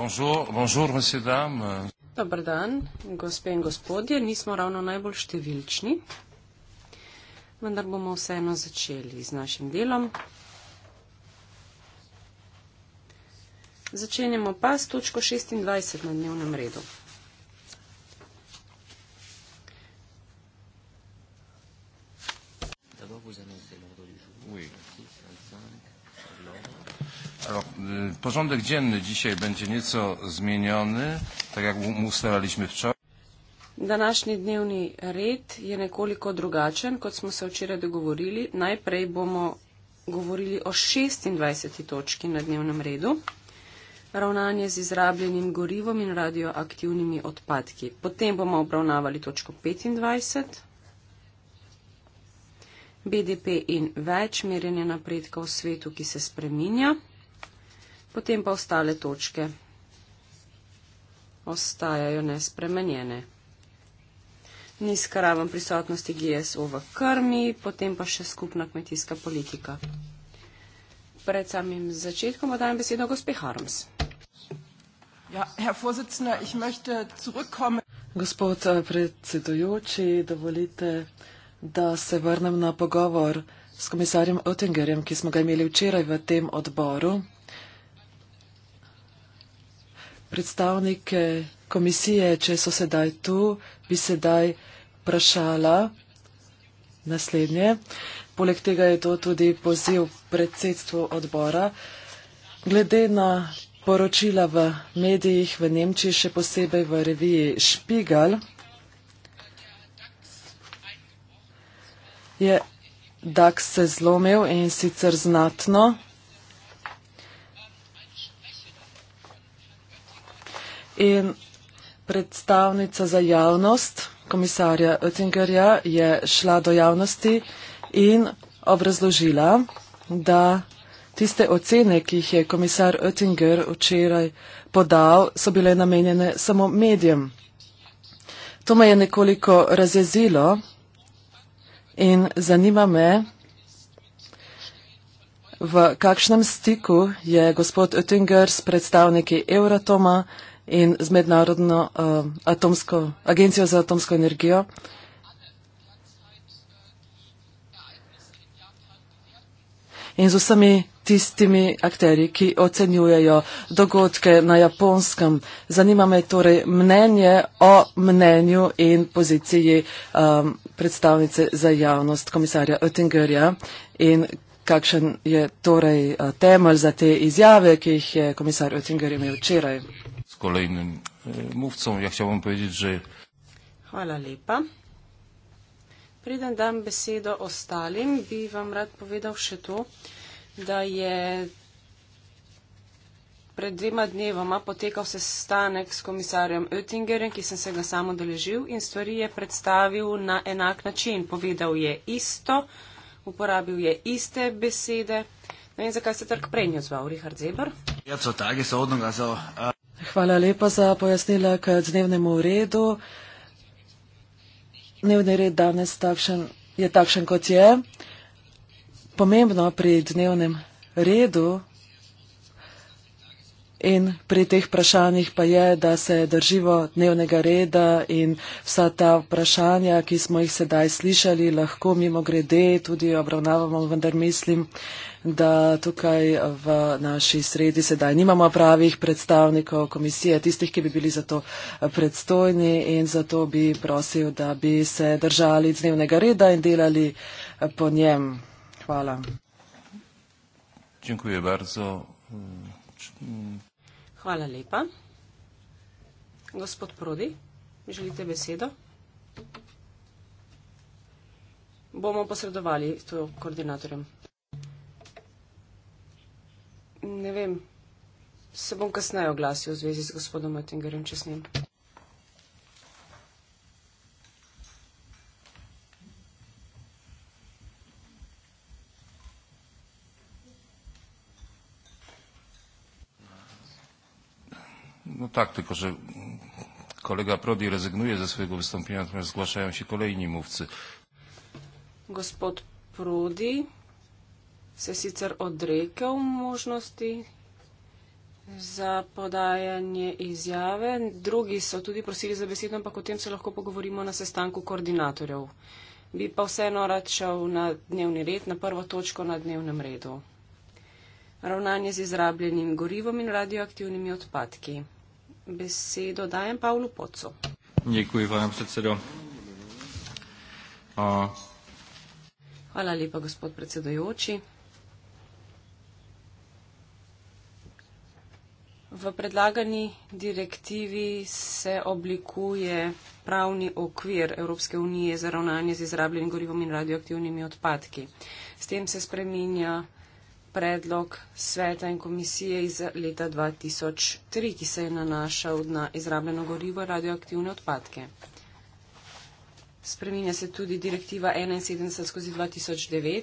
Bonjour, bonjour, Dobar dan, gospe in gospodje. Nismo ravno najbolj številčni, vendar bomo vseeno začeli z našim delom. Začenjamo pa s točko 26 na dnevnem redu. porządek dzienny dzisiaj będzie nieco zmieniony, tak jak ustalaliśmy wczoraj. Današnji dnevni red je nekoliko drugačen, kot smo se včeraj dogovorili. Najprej bomo govorili o 26. točki na dnevnem redu, ravnanje z izrabljenim gorivom in radioaktivnimi odpadki. Potem bomo obravnavali točko 25, BDP in več, merjenje napredka v svetu, ki se spreminja potem pa ostale točke ostajajo nespremenjene. Nizka raven prisotnosti GSO v krmi, potem pa še skupna kmetijska politika. Pred samim začetkom bo dajem besedo gospe Harms. Ja, herr vorsitzender, ich möchte zurückkommen. Gospod eh, predsedujoči, dovolite, da se vrnem na pogovor s komisarjem Oettingerjem, ki smo ga imeli včeraj v tem odboru predstavnike komisije, če so sedaj tu, bi sedaj vprašala naslednje. Poleg tega je to tudi poziv predsedstvu odbora. Glede na poročila v medijih v Nemčiji, še posebej v reviji Špigal, je DAX se zlomil in sicer znatno. in predstavnica za javnost komisarja Oettingerja je šla do javnosti in obrazložila, da tiste ocene, ki jih je komisar Oettinger včeraj podal, so bile namenjene samo medijem. To me je nekoliko razjezilo in zanima me, v kakšnem stiku je gospod Oettinger s predstavniki Euratoma, in z mednarodno uh, atomsko, agencijo za atomsko energijo. In z vsemi tistimi akteri, ki ocenjujejo dogodke na japonskem. Zanima me torej mnenje o mnenju in poziciji um, predstavnice za javnost komisarja Oettingerja in kakšen je torej eh, temelj za te izjave, ki jih je komisar Oettinger imel včeraj kolejnym e, mówcą. Ja chciałbym powiedzieć, że... Hvala lepa. Preden dam besedo ostalim, bi vam rad povedal še to, da je pred dvema dnevoma potekal se stanek s komisarjem Oettingerjem, ki sem se ga samo doležil in stvari je predstavil na enak način. Povedal je isto, uporabil je iste besede. Ne vem, zakaj se trg prej ni odzval, Richard Zeber. Ja, so tagi, so odnoga, so... Uh... Hvala lepa za pojasnila k dnevnemu redu. Dnevni red danes takšen, je takšen, kot je. Pomembno pri dnevnem redu In pri teh vprašanjih pa je, da se drživo dnevnega reda in vsa ta vprašanja, ki smo jih sedaj slišali, lahko mimo grede tudi obravnavamo, vendar mislim, da tukaj v naši sredi sedaj nimamo pravih predstavnikov komisije, tistih, ki bi bili za to eh, predstojni in zato bi prosil, da bi se držali dnevnega reda in delali eh, po njem. Hvala. Dziękuję bardzo. Hvala lepa. Gospod Prodi, želite besedo? Bomo posredovali to koordinatorjem. Ne vem, se bom kasneje oglasil v zvezi z gospodom Oettingerjem, če smem. No tak, tylko że kolega Prodi rezygnuje ze swojego wystąpienia, natomiast zgłaszają się kolejni mówcy. Gospod Prodi se sicer odrekel možnosti za podajanje izjave. Drugi so tudi prosili za besedo, ampak o tem se lahko pogovorimo na sestanku koordinatorjev. Bi pa vseeno rad šel na dnevni red, na prvo točko na dnevnem redu ravnanje z izrabljenim gorivom in radioaktivnimi odpadki. Besedo dajem Pavlu Pocu. Njekuji vam, predsedo. A... Hvala lepa, gospod predsedojoči. V predlagani direktivi se oblikuje pravni okvir Evropske unije za ravnanje z izrabljenim gorivom in radioaktivnimi odpadki. S tem se spreminja predlog sveta in komisije iz leta 2003, ki se je nanašal na izrabljeno gorivo radioaktivne odpadke. Spreminja se tudi direktiva 71 skozi 2009,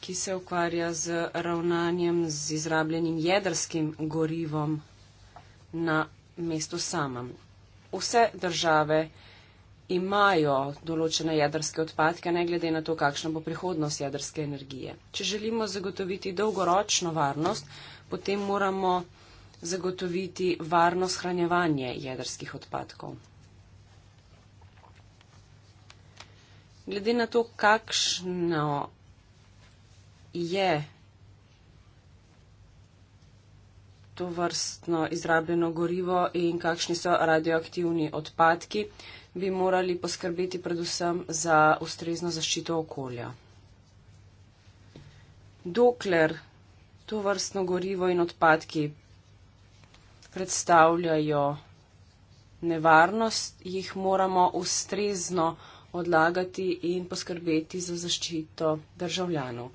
ki se ukvarja z ravnanjem z izrabljenim jedrskim gorivom na mestu samem. Vse države imajo določene jedrske odpadke, ne glede na to, kakšna bo prihodnost jedrske energije. Če želimo zagotoviti dolgoročno varnost, potem moramo zagotoviti varno shranjevanje jedrskih odpadkov. Glede na to, kakšno je to vrstno izrabljeno gorivo in kakšni so radioaktivni odpadki, bi morali poskrbeti predvsem za ustrezno zaščito okolja. Dokler to vrstno gorivo in odpadki predstavljajo nevarnost, jih moramo ustrezno odlagati in poskrbeti za zaščito državljanov.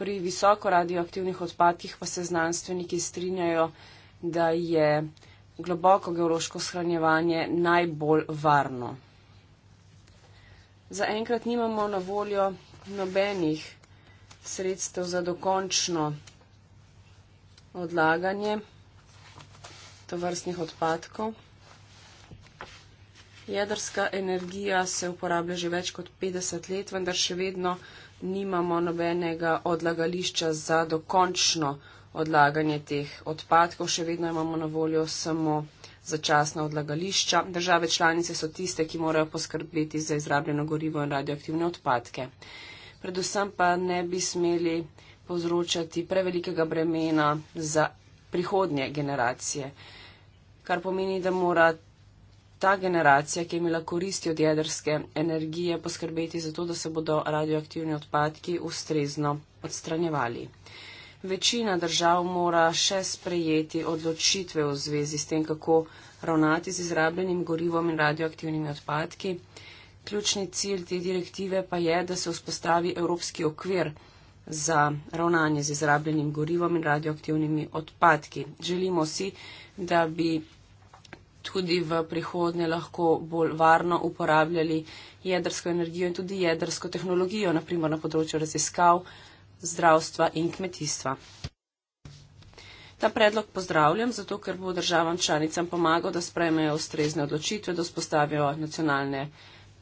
Pri visoko radioaktivnih odpadkih pa se znanstveniki strinjajo, da je globoko geološko shranjevanje najbolj varno. Zaenkrat nimamo na voljo nobenih sredstev za dokončno odlaganje tovrstnih odpadkov. Jedrska energija se uporablja že več kot 50 let, vendar še vedno nimamo nobenega odlagališča za dokončno odlaganje teh odpadkov. Še vedno imamo na voljo samo začasna odlagališča. Države članice so tiste, ki morajo poskrbeti za izrabljeno gorivo in radioaktivne odpadke. Predvsem pa ne bi smeli povzročati prevelikega bremena za prihodnje generacije, kar pomeni, da mora ta generacija, ki je imela koristi od jedrske energije, poskrbeti za to, da se bodo radioaktivni odpadki ustrezno odstranjevali večina držav mora še sprejeti odločitve v zvezi s tem, kako ravnati z izrabljenim gorivom in radioaktivnimi odpadki. Ključni cilj te direktive pa je, da se vzpostavi evropski okvir za ravnanje z izrabljenim gorivom in radioaktivnimi odpadki. Želimo si, da bi tudi v prihodnje lahko bolj varno uporabljali jedrsko energijo in tudi jedrsko tehnologijo, naprimer na področju raziskav, zdravstva in kmetijstva. Ta predlog pozdravljam, zato ker bo državam članicam pomagal, da sprejmejo ustrezne odločitve, da spostavijo nacionalne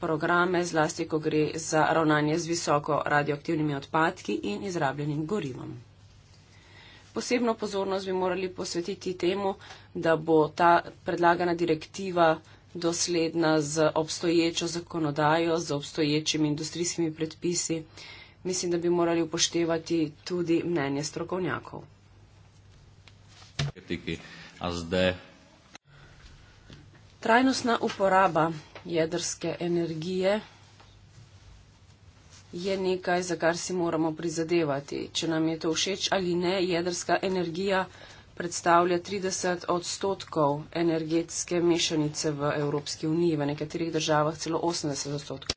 programe, zlasti, ko gre za ravnanje z visoko radioaktivnimi odpadki in izrabljenim gorivom. Posebno pozornost bi morali posvetiti temu, da bo ta predlagana direktiva dosledna z obstoječo zakonodajo, z obstoječimi industrijskimi predpisi mislim, da bi morali upoštevati tudi mnenje strokovnjakov. Trajnostna uporaba jedrske energije je nekaj, za kar si moramo prizadevati. Če nam je to všeč ali ne, jedrska energija predstavlja 30 odstotkov energetske mešanice v Evropski uniji, v nekaterih državah celo 80 odstotkov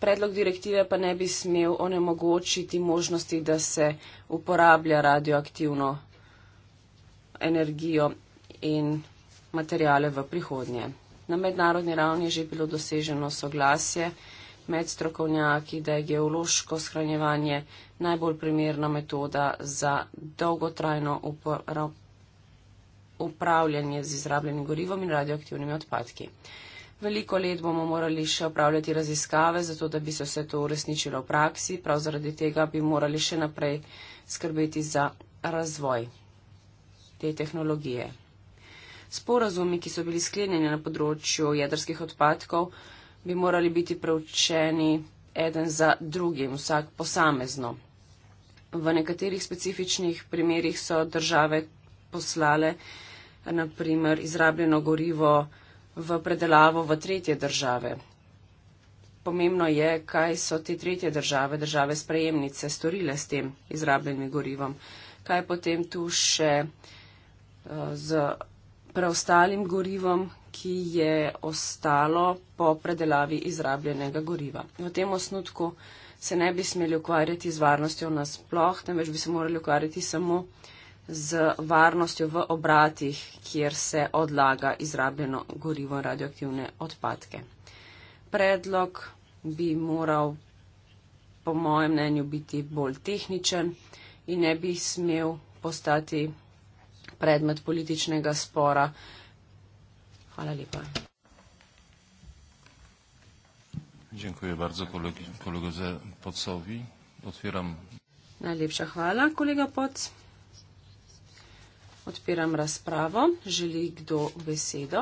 predlog direktive pa ne bi smel onemogočiti možnosti, da se uporablja radioaktivno energijo in materijale v prihodnje. Na mednarodni ravni je že bilo doseženo soglasje med strokovnjaki, da je geološko shranjevanje najbolj primerna metoda za dolgotrajno upravljanje z izrabljenim gorivom in radioaktivnimi odpadki. Veliko let bomo morali še upravljati raziskave, zato da bi se vse to uresničilo v praksi. Prav zaradi tega bi morali še naprej skrbeti za razvoj te tehnologije. Sporazumi, ki so bili sklenjeni na področju jedrskih odpadkov, bi morali biti preučeni eden za drugim, vsak posamezno. V nekaterih specifičnih primerjih so države poslale, naprimer, izrabljeno gorivo, v predelavo v tretje države. Pomembno je, kaj so te tretje države, države sprejemnice, storile s tem izrabljenim gorivom, kaj potem tu še eh, z preostalim gorivom, ki je ostalo po predelavi izrabljenega goriva. V tem osnutku se ne bi smeli ukvarjati z varnostjo nasploh, temveč bi se morali ukvarjati samo z varnostjo v obratih, kjer se odlaga izrabljeno gorivo radioaktivne odpadke. Predlog bi moral po mojem mnenju biti bolj tehničen in ne bi smel postati predmet političnega spora. Hvala lepa. Dziękuję bardzo kolegi, kolegu Podsowi. Otwieram. Najlepsza chwała, kolega Pots. Odpiram razpravo. Želi kdo besedo?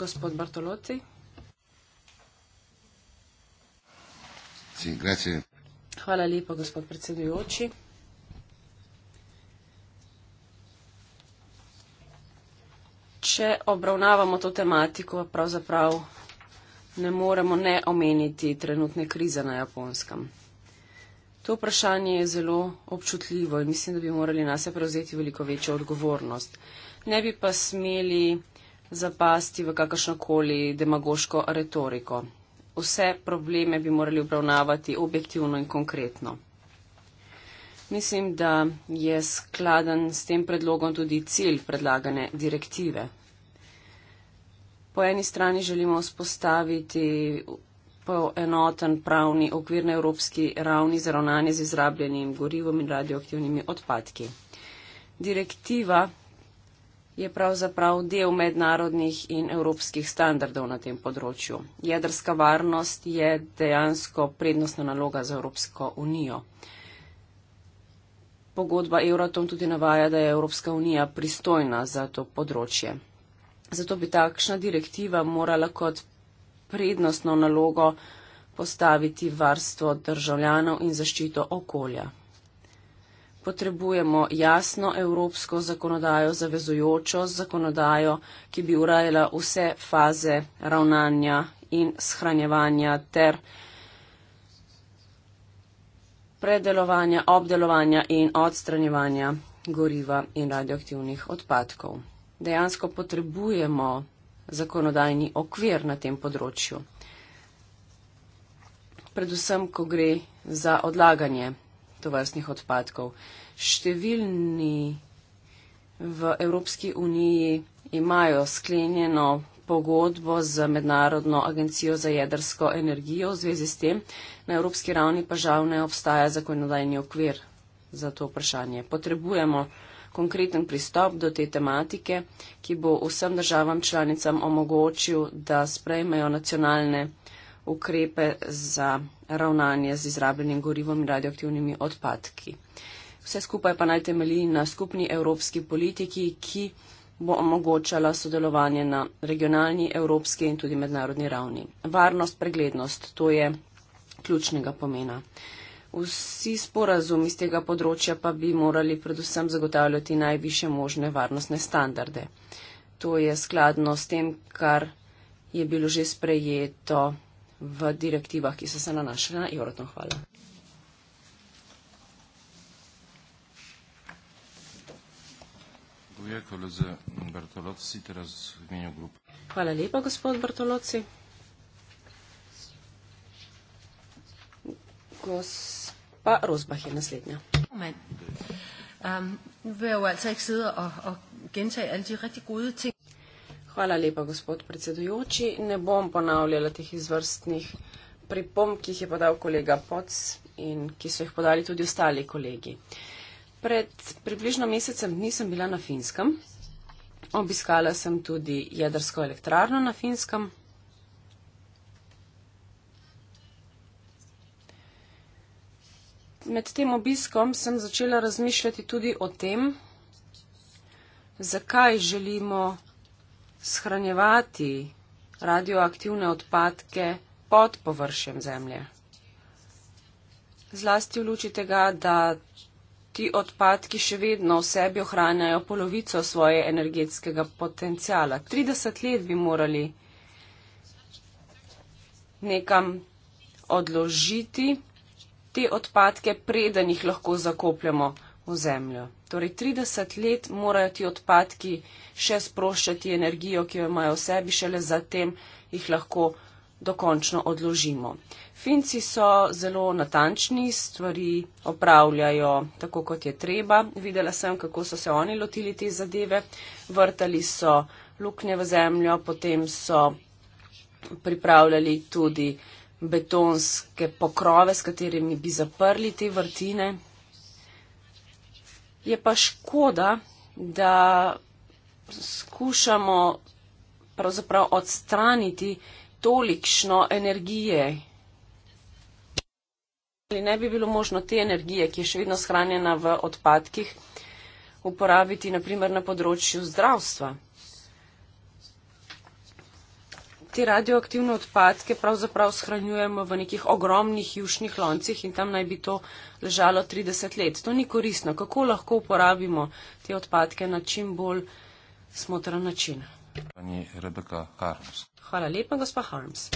Gospod Bartoloti. Hvala lepa, gospod predsedujoči. Če obravnavamo to tematiko, pravzaprav ne moremo ne omeniti trenutne krize na Japonskem. To vprašanje je zelo občutljivo in mislim, da bi morali nas prevzeti veliko večjo odgovornost. Ne bi pa smeli zapasti v kakršnokoli demagoško retoriko. Vse probleme bi morali obravnavati objektivno in konkretno. Mislim, da je skladen s tem predlogom tudi cilj predlagane direktive. Po eni strani želimo vzpostaviti enoten pravni okvir na evropski ravni za ravnanje z izrabljenim gorivom in radioaktivnimi odpadki. Direktiva je pravzaprav del mednarodnih in evropskih standardov na tem področju. Jedrska varnost je dejansko prednostna naloga za Evropsko unijo. Pogodba Euratom tudi navaja, da je Evropska unija pristojna za to področje. Zato bi takšna direktiva morala kot prednostno nalogo postaviti varstvo državljanov in zaščito okolja. Potrebujemo jasno evropsko zakonodajo, zavezujočo zakonodajo, ki bi urajala vse faze ravnanja in shranjevanja ter predelovanja, obdelovanja in odstranjevanja goriva in radioaktivnih odpadkov. Dejansko potrebujemo zakonodajni okvir na tem področju. Predvsem, ko gre za odlaganje tovrstnih odpadkov. Številni v Evropski uniji imajo sklenjeno pogodbo z Mednarodno agencijo za jedrsko energijo v zvezi s tem, na evropski ravni pa žal ne obstaja zakonodajni okvir za to vprašanje. Potrebujemo konkreten pristop do te tematike, ki bo vsem državam članicam omogočil, da sprejmejo nacionalne ukrepe za ravnanje z izrabljenim gorivom in radioaktivnimi odpadki. Vse skupaj pa naj temelji na skupni evropski politiki, ki bo omogočala sodelovanje na regionalni, evropski in tudi mednarodni ravni. Varnost, preglednost, to je ključnega pomena vsi sporazumi z tega področja pa bi morali predvsem zagotavljati najviše možne varnostne standarde. To je skladno s tem, kar je bilo že sprejeto v direktivah, ki so se nanašale na Euroton. Hvala. Hvala lepa, gospod Bartoloci. Gospa Rosbach je naslednja. Hvala lepa, gospod predsedujoči. Ne bom ponavljala teh izvrstnih pripomb, ki jih je podal kolega Poc in ki so jih podali tudi ostali kolegi. Pred približno mesecem dni sem bila na Finskem. Obiskala sem tudi jedrsko elektrarno na Finskem, med tem obiskom sem začela razmišljati tudi o tem, zakaj želimo shranjevati radioaktivne odpadke pod površjem zemlje. Zlasti v luči tega, da ti odpadki še vedno v sebi ohranjajo polovico svoje energetskega potencijala. 30 let bi morali nekam odložiti te odpadke, preden jih lahko zakopljamo v zemljo. Torej, 30 let morajo ti odpadki še sproščati energijo, ki jo imajo v sebi, šele zatem jih lahko dokončno odložimo. Finci so zelo natančni, stvari opravljajo tako, kot je treba. Videla sem, kako so se oni lotili te zadeve. Vrtali so luknje v zemljo, potem so pripravljali tudi betonske pokrove, s katerimi bi zaprli te vrtine. Je pa škoda, da skušamo pravzaprav odstraniti tolikšno energije. Ali ne bi bilo možno te energije, ki je še vedno shranjena v odpadkih, uporabiti naprimer na področju zdravstva? te radioaktivne odpadke pravzaprav shranjujemo v nekih ogromnih jušnih loncih in tam naj bi to ležalo 30 let. To ni korisno. Kako lahko uporabimo te odpadke na čim bolj smotran način? Hvala lepa, gospa Harms.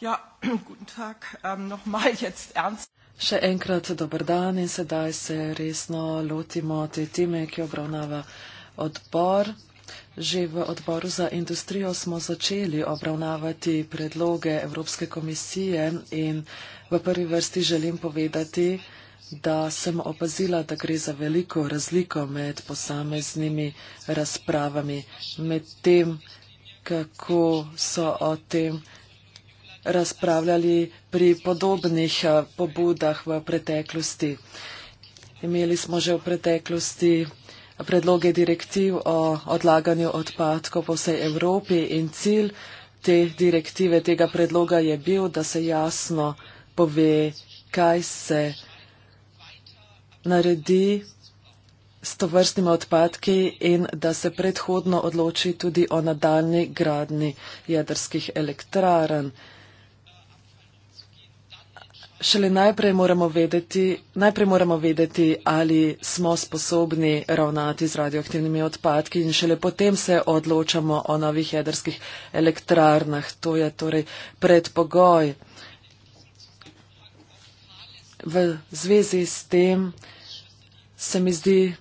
Ja, guten tag, um, nochmal jetzt ernst. Še enkrat dober dan in sedaj se resno lotimo te teme, ki obravnava odbor. Že v odboru za industrijo smo začeli obravnavati predloge Evropske komisije in v prvi vrsti želim povedati, da sem opazila, da gre za veliko razliko med posameznimi razpravami, med tem, kako so o tem razpravljali pri podobnih eh, pobudah v preteklosti. Imeli smo že v preteklosti predloge direktiv o odlaganju odpadkov po vsej Evropi in cilj te direktive, tega predloga je bil, da se jasno pove, kaj se naredi s tovrstnimi odpadki in da se predhodno odloči tudi o nadaljni gradni jedrskih elektrarn. Šele najprej moramo vedeti, najprej moramo vedeti, ali smo sposobni ravnati z radioaktivnimi odpadki in šele potem se odločamo o novih jedrskih elektrarnah. To je torej predpogoj. V zvezi s tem se mi zdi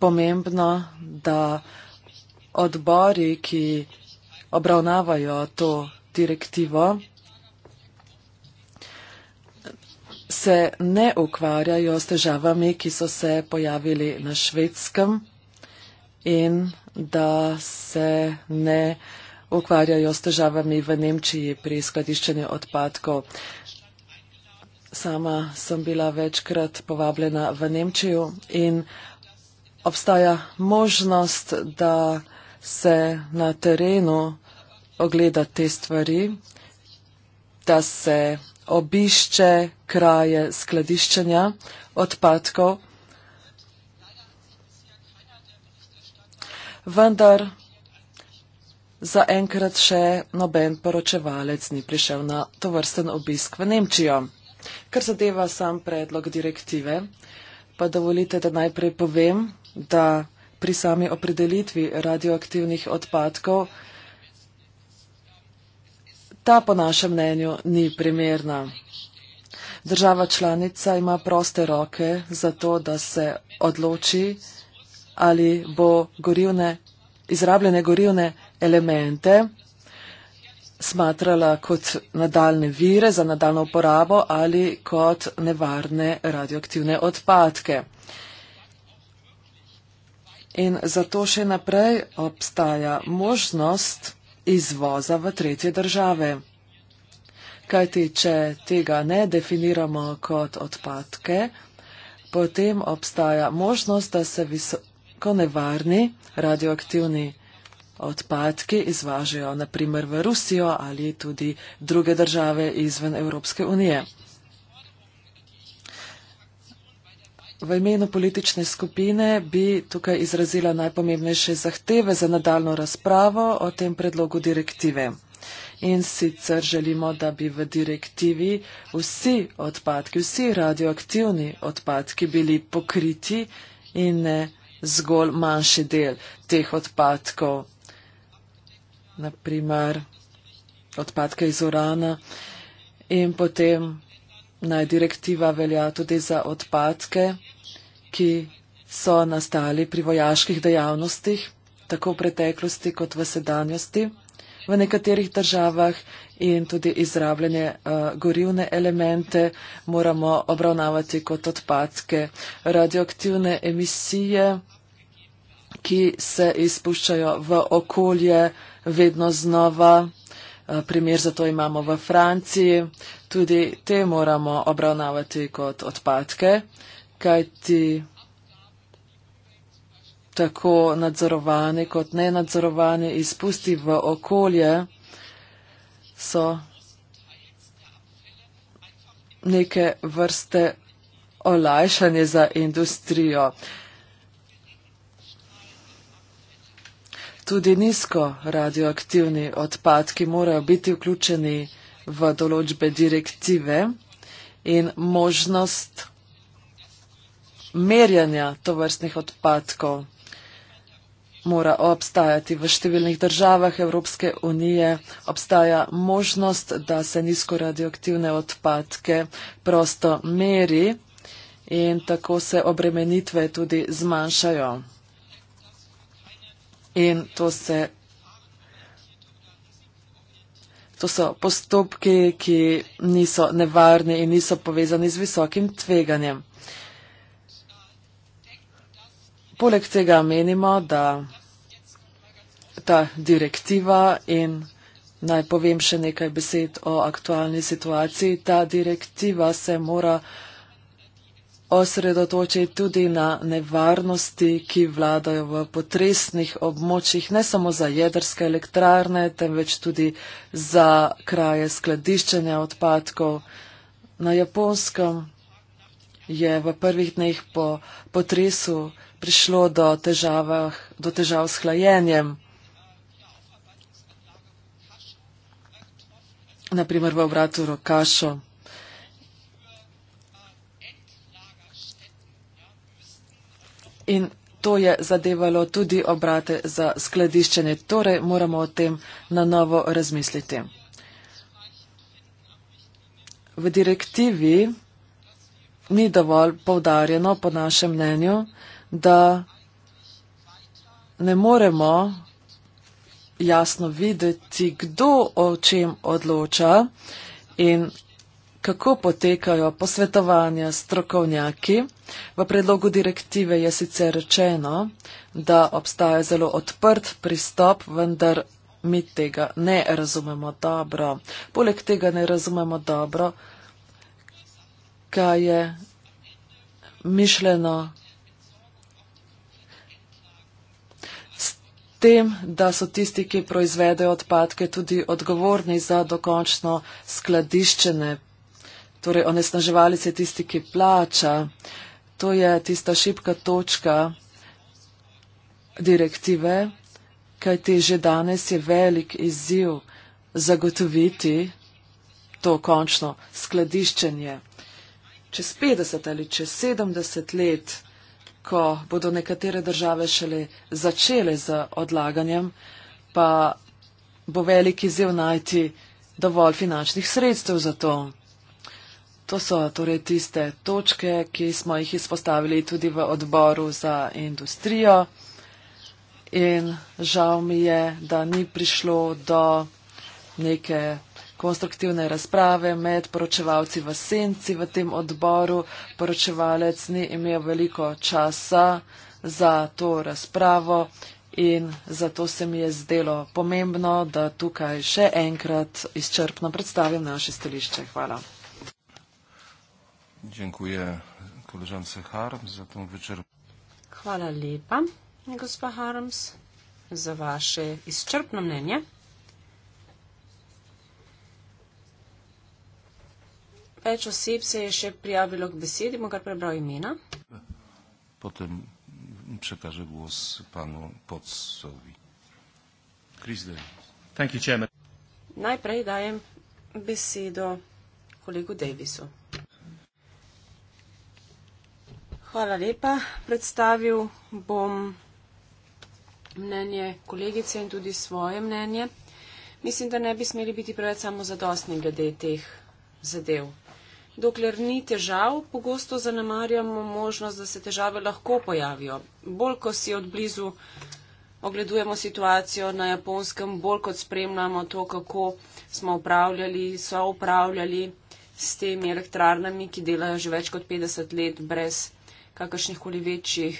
pomembno, da odbori, ki obravnavajo to direktivo, se ne ukvarjajo s težavami, ki so se pojavili na švedskem in da se ne ukvarjajo s težavami v Nemčiji pri skladiščenju odpadkov. Sama sem bila večkrat povabljena v Nemčijo in obstaja možnost, da se na terenu ogleda te stvari, da se obišče kraje skladiščenja odpadkov. Vendar zaenkrat še noben poročevalec ni prišel na to vrsten obisk v Nemčijo. Kar zadeva sam predlog direktive, pa dovolite, da najprej povem, da pri sami opredelitvi radioaktivnih odpadkov Ta, po našem mnenju, ni primerna. Država članica ima proste roke za to, da se odloči, ali bo gorivne, izrabljene gorivne elemente smatrala kot nadaljne vire za nadaljno uporabo ali kot nevarne radioaktivne odpadke. In zato še naprej obstaja možnost, izvoza v tretje države. Kajti, če tega ne definiramo kot odpadke, potem obstaja možnost, da se visoko nevarni radioaktivni odpadki izvažajo naprimer v Rusijo ali tudi druge države izven Evropske unije. V imenu politične skupine bi tukaj izrazila najpomembnejše zahteve za nadaljno razpravo o tem predlogu direktive. In sicer želimo, da bi v direktivi vsi odpadki, vsi radioaktivni odpadki bili pokriti in ne zgolj manjši del teh odpadkov, naprimer odpadke iz urana in potem naj direktiva velja tudi za odpadke ki so nastali pri vojaških dejavnostih, tako v preteklosti kot v sedanjosti v nekaterih državah in tudi izrabljanje uh, eh, gorivne elemente moramo obravnavati kot odpadke. Radioaktivne emisije, ki se izpuščajo v okolje vedno znova, uh, primer za to imamo v Franciji, tudi te moramo obravnavati kot odpadke. Uh, kajti tako nadzorovani kot nenadzorovani izpusti v okolje so neke vrste olajšanje za industrijo. Tudi nizko radioaktivni odpadki morajo biti vključeni v določbe direktive in možnost merjanja tovrstnih odpadkov mora obstajati. V številnih državah Evropske unije obstaja možnost, da se nizko radioaktivne odpadke prosto meri in tako se obremenitve tudi zmanjšajo. In to, se, to so postopki, ki niso nevarni in niso povezani z visokim tveganjem. Poleg tega menimo, da ta direktiva in naj povem še nekaj besed o aktualni situaciji, ta direktiva se mora osredotočiti tudi na nevarnosti, ki vladajo v potresnih območjih, ne samo za jedrske elektrarne, temveč tudi za kraje skladiščenja odpadkov. Na japonskem je v prvih dneh po potresu prišlo do, težavah, do težav s hlajenjem. Naprimer v obratu Rokašo. In to je zadevalo tudi obrate za skladiščenje. Torej moramo o tem na novo razmisliti. V direktivi ni dovolj povdarjeno, po našem mnenju, da ne moremo jasno videti, kdo o čem odloča in kako potekajo posvetovanja strokovnjaki. V predlogu direktive je sicer rečeno, da obstaja zelo odprt pristop, vendar mi tega ne razumemo dobro. Poleg tega ne razumemo dobro, kaj je mišljeno tem, da so tisti, ki proizvedejo odpadke, tudi odgovorni za dokončno skladiščene. Torej, onesnaževalec je tisti, ki plača. To je tista šipka točka direktive, kajti že danes je velik izziv zagotoviti to končno skladiščenje. Čez 50 ali čez 70 let ko bodo nekatere države šele začele z odlaganjem, pa bo veliki zev najti dovolj finančnih sredstev za to. To so torej tiste točke, ki smo jih izpostavili tudi v odboru za industrijo in žal mi je, da ni prišlo do neke konstruktivne razprave med poročevalci v senci v tem odboru. Poročevalec ni imel veliko časa za to razpravo in zato se mi je zdelo pomembno, da tukaj še enkrat izčrpno predstavim naše stališče. Hvala. Dziękuję, koleżance Harms, za tą wieczór. Hvala lepa, gospa Harms, za vaše izčrpno mnenje. več oseb se je še prijavilo k besedi, bom kar prebral imena. Potem prekaže glas panu Podsovi. Thank you, Chairman. Najprej dajem besedo kolegu Davisu. Hvala lepa. Predstavil bom mnenje kolegice in tudi svoje mnenje. Mislim, da ne bi smeli biti preveč samozadostni glede teh zadev. Dokler ni težav, pogosto zanemarjamo možnost, da se težave lahko pojavijo. Bolj, ko si odblizu ogledujemo situacijo na japonskem, bolj kot spremljamo to, kako smo upravljali, so upravljali s temi elektrarnami, ki delajo že več kot 50 let brez kakršnih koli večjih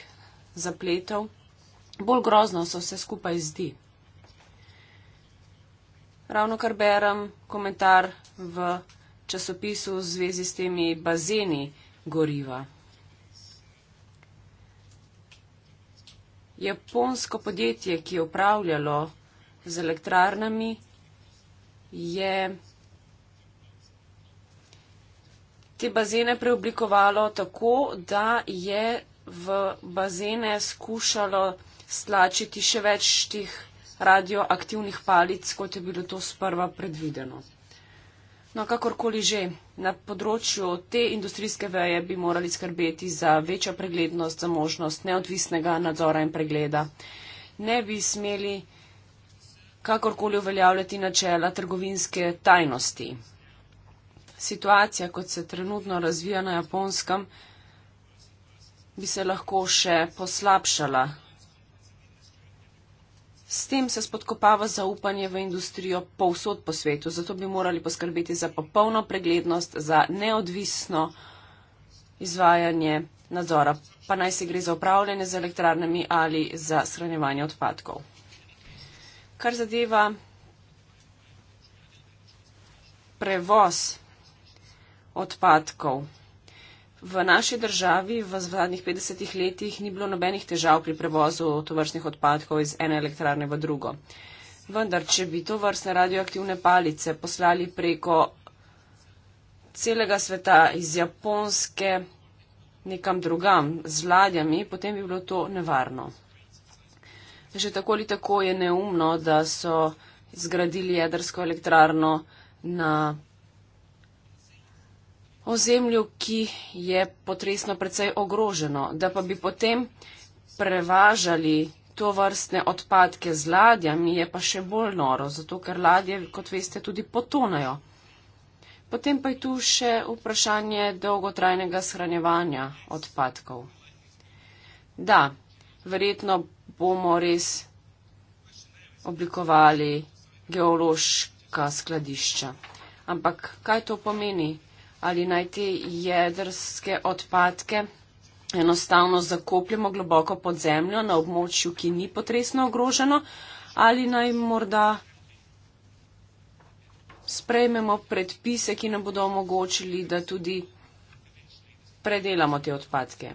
zapletov, bolj grozno se vse skupaj zdi. Ravno kar berem komentar v časopisu v zvezi s temi bazeni goriva. Japonsko podjetje, ki je upravljalo z elektrarnami, je te bazene preoblikovalo tako, da je v bazene skušalo stlačiti še več tih radioaktivnih palic, kot je bilo to sprva predvideno. No, kakorkoli že, na področju te industrijske veje bi morali skrbeti za večjo preglednost, za možnost neodvisnega nadzora in pregleda. Ne bi smeli kakorkoli uveljavljati načela trgovinske tajnosti. Situacija, kot se trenutno razvija na japonskem, bi se lahko še poslabšala, S tem se spodkopava zaupanje v industrijo povsod po svetu, zato bi morali poskrbeti za popolno preglednost, za neodvisno izvajanje nadzora, pa naj se gre za upravljanje z elektrarnami ali za shranjevanje odpadkov. Kar zadeva prevoz odpadkov, v naši državi v zadnjih 50 letih ni bilo nobenih težav pri prevozu tovrstnih odpadkov iz ene elektrarne v drugo. Vendar, če bi to vrstne radioaktivne palice poslali preko celega sveta iz Japonske nekam drugam z ladjami, potem bi bilo to nevarno. Že tako ali tako je neumno, da so zgradili jedrsko elektrarno na ozemlju, ki je potresno precej ogroženo, da pa bi potem prevažali to vrstne odpadke z ladjami, je pa še bolj noro, zato ker ladje, kot veste, tudi potonajo. Potem pa je tu še vprašanje dolgotrajnega shranjevanja odpadkov. Da, verjetno bomo res oblikovali geološka skladišča. Ampak kaj to pomeni? ali naj te jedrske odpadke enostavno zakopljemo globoko pod zemljo na območju, ki ni potresno ogroženo, ali naj morda sprejmemo predpise, ki nam bodo omogočili, da tudi predelamo te odpadke.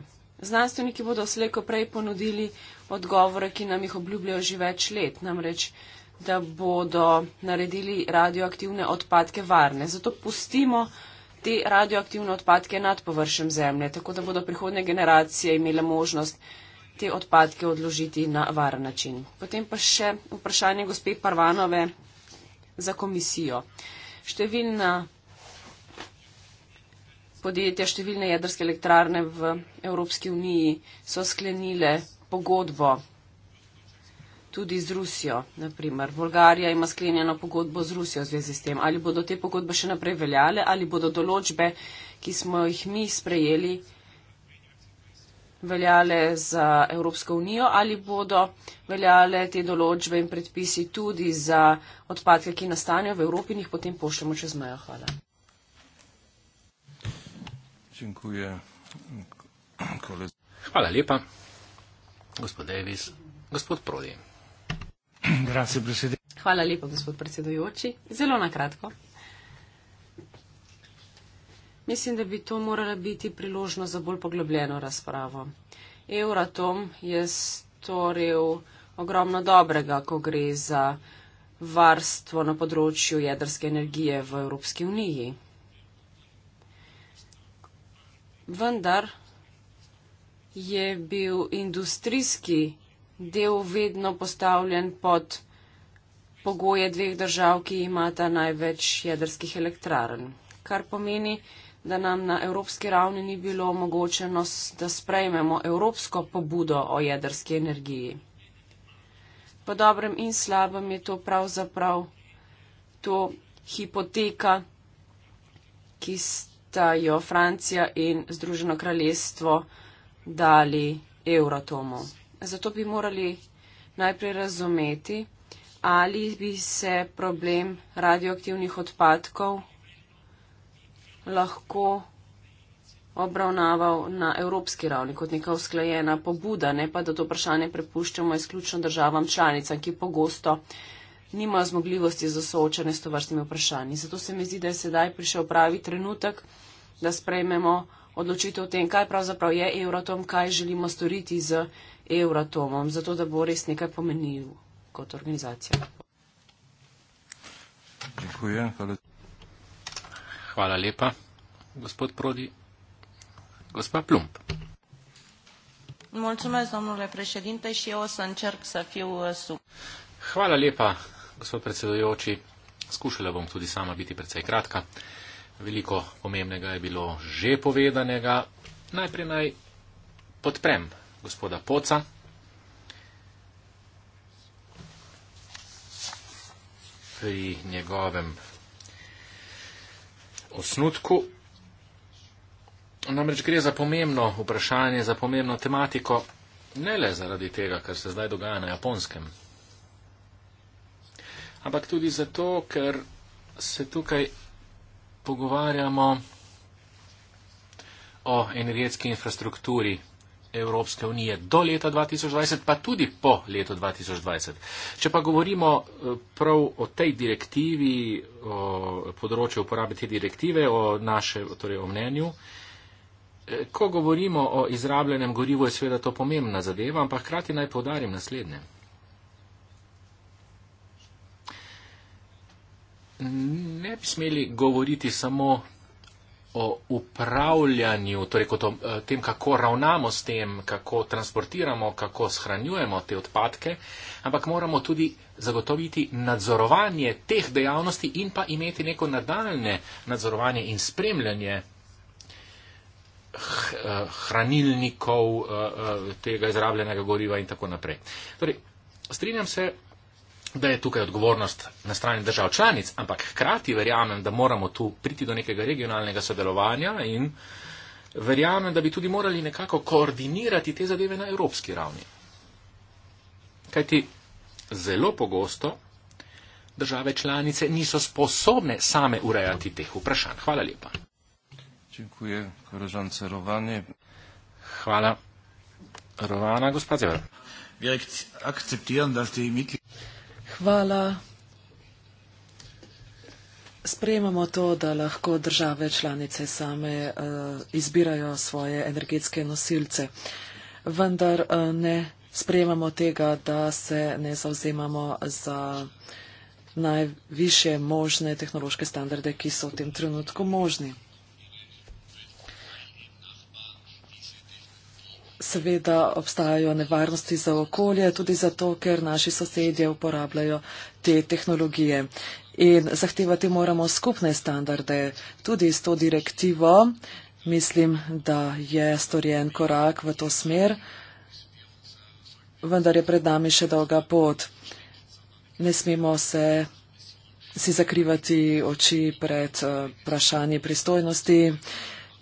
Znanstveniki bodo sleko prej ponudili odgovore, ki nam jih obljubljajo že več let, namreč, da bodo naredili radioaktivne odpadke varne. Zato pustimo, te radioaktivne odpadke nad površjem zemlje, tako da bodo prihodne generacije imele možnost te odpadke odložiti na varen način. Potem pa še vprašanje gospe Parvanove za komisijo. Številna podjetja, številne jedrske elektrarne v Evropski uniji so sklenile pogodbo tudi z Rusijo. Naprimer, Bolgarija ima sklenjeno pogodbo z Rusijo v zvezi s tem. Ali bodo te pogodbe še naprej veljale ali bodo določbe, ki smo jih mi sprejeli, veljale za Evropsko unijo ali bodo veljale te določbe in predpisi tudi za odpadke, ki nastanejo v Evropi in jih potem pošljemo čez mejo. Hvala. Hvala lepa. Gospod Davis, gospod Prodi. Hvala lepa, gospod predsedujoči. Zelo nakratko. Mislim, da bi to morala biti priložnost za bolj poglobljeno razpravo. Euratom je storil ogromno dobrega, ko gre za varstvo na področju jedrske energije v Evropski uniji. Vendar je bil industrijski del vedno postavljen pod pogoje dveh držav, ki imata največ jedrskih elektrarn. Kar pomeni, da nam na evropski ravni ni bilo omogočeno, da sprejmemo evropsko pobudo o jedrski energiji. Po dobrem in slabem je to pravzaprav to hipoteka, ki sta jo Francija in Združeno kraljestvo dali Euratomu. Zato bi morali najprej razumeti, ali bi se problem radioaktivnih odpadkov lahko obravnaval na evropski ravni kot neka usklajena pobuda, ne pa da to vprašanje prepuščamo izključno državam članicam, ki pogosto nimajo zmogljivosti za soočanje s tovrstnimi vprašanji. Zato se mi zdi, da je sedaj prišel pravi trenutek, da sprejmemo odločitev o tem, kaj pravzaprav je Euratom, kaj želimo storiti z Euratomom, zato da bo res nekaj pomenil kot organizacija. Hvala lepa, gospod Prodi. Gospa Plump. Mulțumesc, domnule președinte, și eu o să încerc să fiu uh, sub. Hvala lepa, gospod predsedujoči. Skušala bom tudi sama biti precej kratka. Veliko pomembnega je bilo že povedanega. Najprej naj podprem gospoda Poca. Pri njegovem osnutku. Namreč gre za pomembno vprašanje, za pomembno tematiko, ne le zaradi tega, kar se zdaj dogaja na japonskem, ampak tudi zato, ker se tukaj pogovarjamo o energetski infrastrukturi Evropske unije do leta 2020, pa tudi po letu 2020. Če pa govorimo eh, prav o tej direktivi, o področju uporabe te direktive, o naše, torej o mnenju, eh, ko govorimo o izrabljenem gorivu, je seveda to pomembna zadeva, ampak hkrati naj povdarim naslednje. Ne bi smeli govoriti samo o upravljanju, torej kot o eh, tem, kako ravnamo s tem, kako transportiramo, kako shranjujemo te odpadke, ampak moramo tudi zagotoviti nadzorovanje teh dejavnosti in pa imeti neko nadaljne nadzorovanje in spremljanje eh, hranilnikov eh, tega izrabljenega goriva in tako naprej. Torej, strinjam se, da je tukaj odgovornost na strani držav članic, ampak hkrati verjamem, da moramo tu priti do nekega regionalnega sodelovanja in verjamem, da bi tudi morali nekako koordinirati te zadeve na evropski ravni. Kajti zelo pogosto države članice niso sposobne same urejati teh vprašanj. Hvala lepa. Čekuje, Hvala. Rovana, gospod Zevr. Wir akzeptieren, dass die Mitglieder hvala. Sprejemamo to, da lahko države članice same uh, izbirajo svoje energetske nosilce, vendar uh, ne sprejemamo tega, da se ne zauzemamo za najviše možne tehnološke standarde, ki so v tem trenutku možni. seveda obstajajo nevarnosti za okolje, tudi zato, ker naši sosedje uporabljajo te tehnologije. In zahtevati moramo skupne standarde. Tudi s to direktivo mislim, da je storjen korak v to smer, vendar je pred nami še dolga pot. Ne smemo se si zakrivati oči pred eh, vprašanji pristojnosti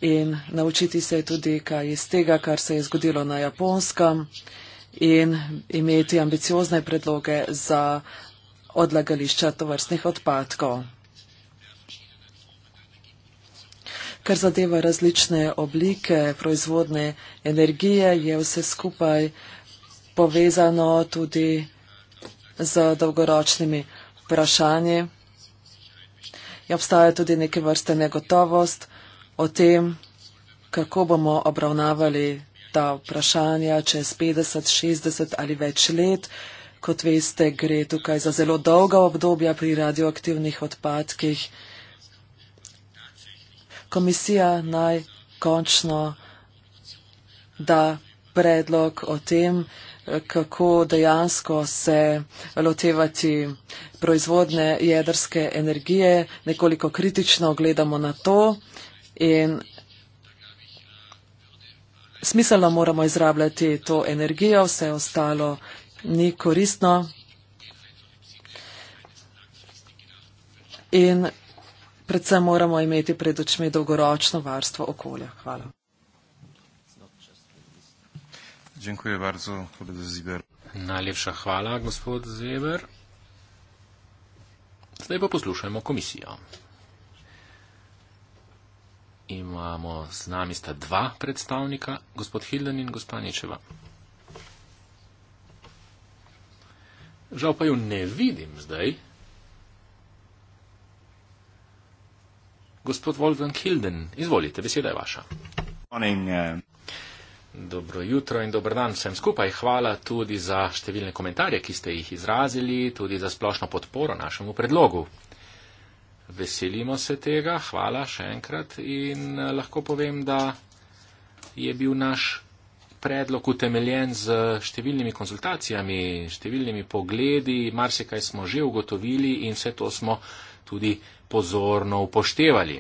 in naučiti se tudi kaj iz tega, kar se je zgodilo na Japonskem in imeti ambiciozne predloge za odlagališča tovrstnih odpadkov. Kar zadeva različne oblike proizvodne energije, je vse skupaj povezano tudi z dolgoročnimi vprašanji. Ja, obstaja tudi neke vrste negotovost, o tem, kako bomo obravnavali ta vprašanja čez 50, 60 ali več let. Kot veste, gre tukaj za zelo dolga obdobja pri radioaktivnih odpadkih. Komisija naj končno da predlog o tem, kako dejansko se lotevati proizvodne jedrske energije. Nekoliko kritično gledamo na to. In smiselno moramo izrabljati to energijo, vse ostalo ni koristno. In predvsem moramo imeti pred očmi dolgoročno varstvo okolja. Hvala. Najlepša hvala, gospod Zeber. Zdaj pa poslušajmo komisijo imamo z nami sta dva predstavnika, gospod Hilden in gospa Ničeva. Žal pa ju ne vidim zdaj. Gospod Wolfgang Hilden, izvolite, beseda je vaša. Eh. Dobro jutro in dobr dan vsem skupaj. Hvala tudi za številne komentarje, ki ste jih izrazili, tudi za splošno podporo našemu predlogu veselimo se tega, hvala še enkrat in eh, lahko povem, da je bil naš predlog utemeljen z številnimi konzultacijami, številnimi pogledi, marsikaj smo že ugotovili in vse to smo tudi pozorno upoštevali.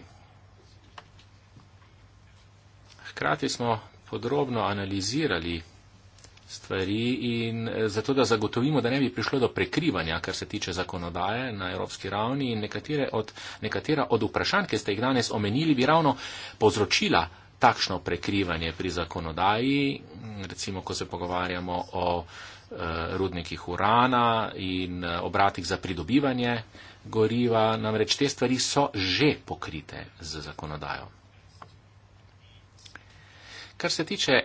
Hkrati smo podrobno analizirali stvari in eh, zato, da zagotovimo, da ne bi prišlo do prekrivanja, kar se tiče zakonodaje na evropski ravni in od, nekatera od vprašanj, ki ste jih danes omenili, bi ravno povzročila takšno prekrivanje pri zakonodaji, recimo, ko se pogovarjamo o eh, rudnikih urana in eh, obratih za pridobivanje goriva, namreč te stvari so že pokrite z zakonodajo. Kar se tiče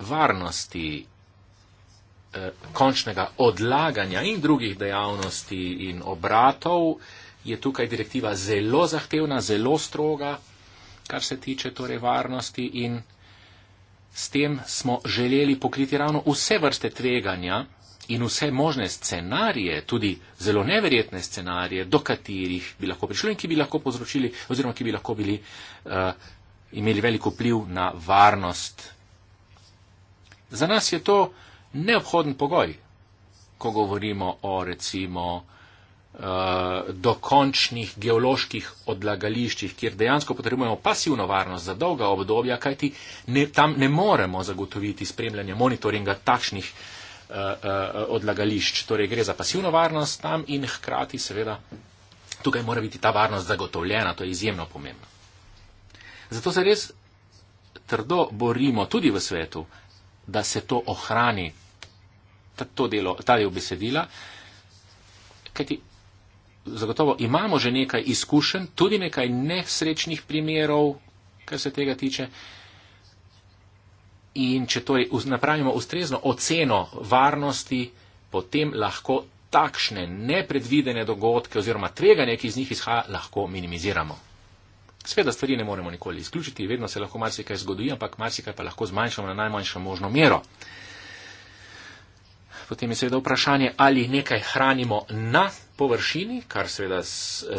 varnosti, eh, končnega odlaganja in drugih dejavnosti in obratov, je tukaj direktiva zelo zahtevna, zelo stroga, kar se tiče torej varnosti in s tem smo želeli pokriti ravno vse vrste tveganja in vse možne scenarije, tudi zelo neverjetne scenarije, do katerih bi lahko prišlo in ki bi lahko povzročili oziroma ki bi lahko bili, uh, imeli veliko pliv na varnost Za nas je to neobhoden pogoj, ko govorimo o recimo eh, dokončnih geoloških odlagališčih, kjer dejansko potrebujemo pasivno varnost za dolga obdobja, kajti ne, tam ne moremo zagotoviti spremljanja monitoringa takšnih uh, uh, odlagališč. Torej gre za pasivno varnost tam in hkrati seveda tukaj mora biti ta varnost zagotovljena, to je izjemno pomembno. Zato se res trdo borimo tudi v svetu da se to ohrani, ta, to delo, ta del besedila. Kajti, zagotovo imamo že nekaj izkušenj, tudi nekaj nesrečnih primerov, kar se tega tiče. In če torej napravimo ustrezno oceno varnosti, potem lahko takšne nepredvidene dogodke oziroma tveganje, ki iz njih izhaja, lahko minimiziramo. Sveda stvari ne moremo nikoli izključiti, vedno se lahko marsikaj zgodi, ampak marsikaj pa lahko zmanjšamo na najmanjšo možno mero. Potem je seveda vprašanje, ali nekaj hranimo na površini, kar seveda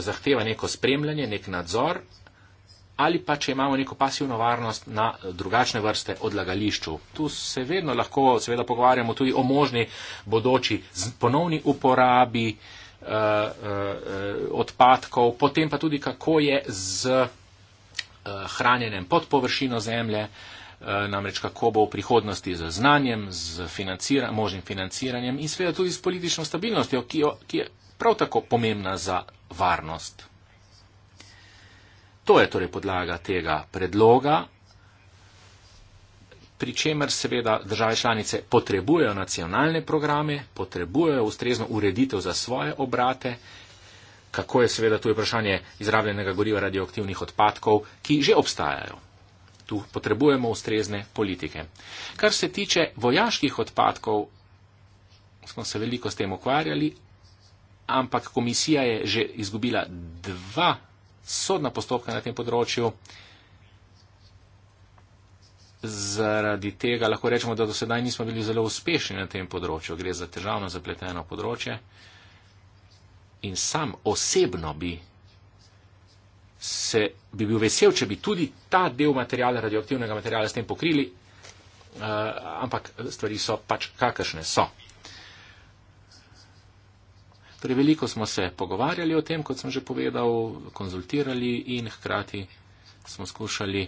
zahteva neko spremljanje, nek nadzor, ali pa če imamo neko pasivno varnost na drugačne vrste odlagališču. Tu se vedno lahko seveda pogovarjamo tudi o možni bodoči ponovni uporabi. Eh, eh, odpadkov, potem pa tudi kako je z eh, hranjenjem pod površino zemlje, namreč kako bo v prihodnosti z znanjem, z financira, možnim financiranjem in seveda tudi s politično stabilnostjo, ki, jo, ki je prav tako pomembna za varnost. To je torej podlaga tega predloga pri čemer seveda države članice potrebujejo nacionalne programe, potrebujejo ustrezno ureditev za svoje obrate, kako je seveda tu vprašanje izrabljenega goriva radioaktivnih odpadkov, ki že obstajajo. Tu potrebujemo ustrezne politike. Kar se tiče vojaških odpadkov, smo se veliko s tem ukvarjali, ampak komisija je že izgubila dva sodna postopka na tem področju zaradi tega lahko rečemo, da do sedaj nismo bili zelo uspešni na tem področju. Gre za težavno zapleteno področje. In sam osebno bi, se, bi bil vesel, če bi tudi ta del materijala, radioaktivnega materijala s tem pokrili, uh, ampak stvari so pač kakršne so. Torej, veliko smo se pogovarjali o tem, kot sem že povedal, konzultirali in hkrati smo skušali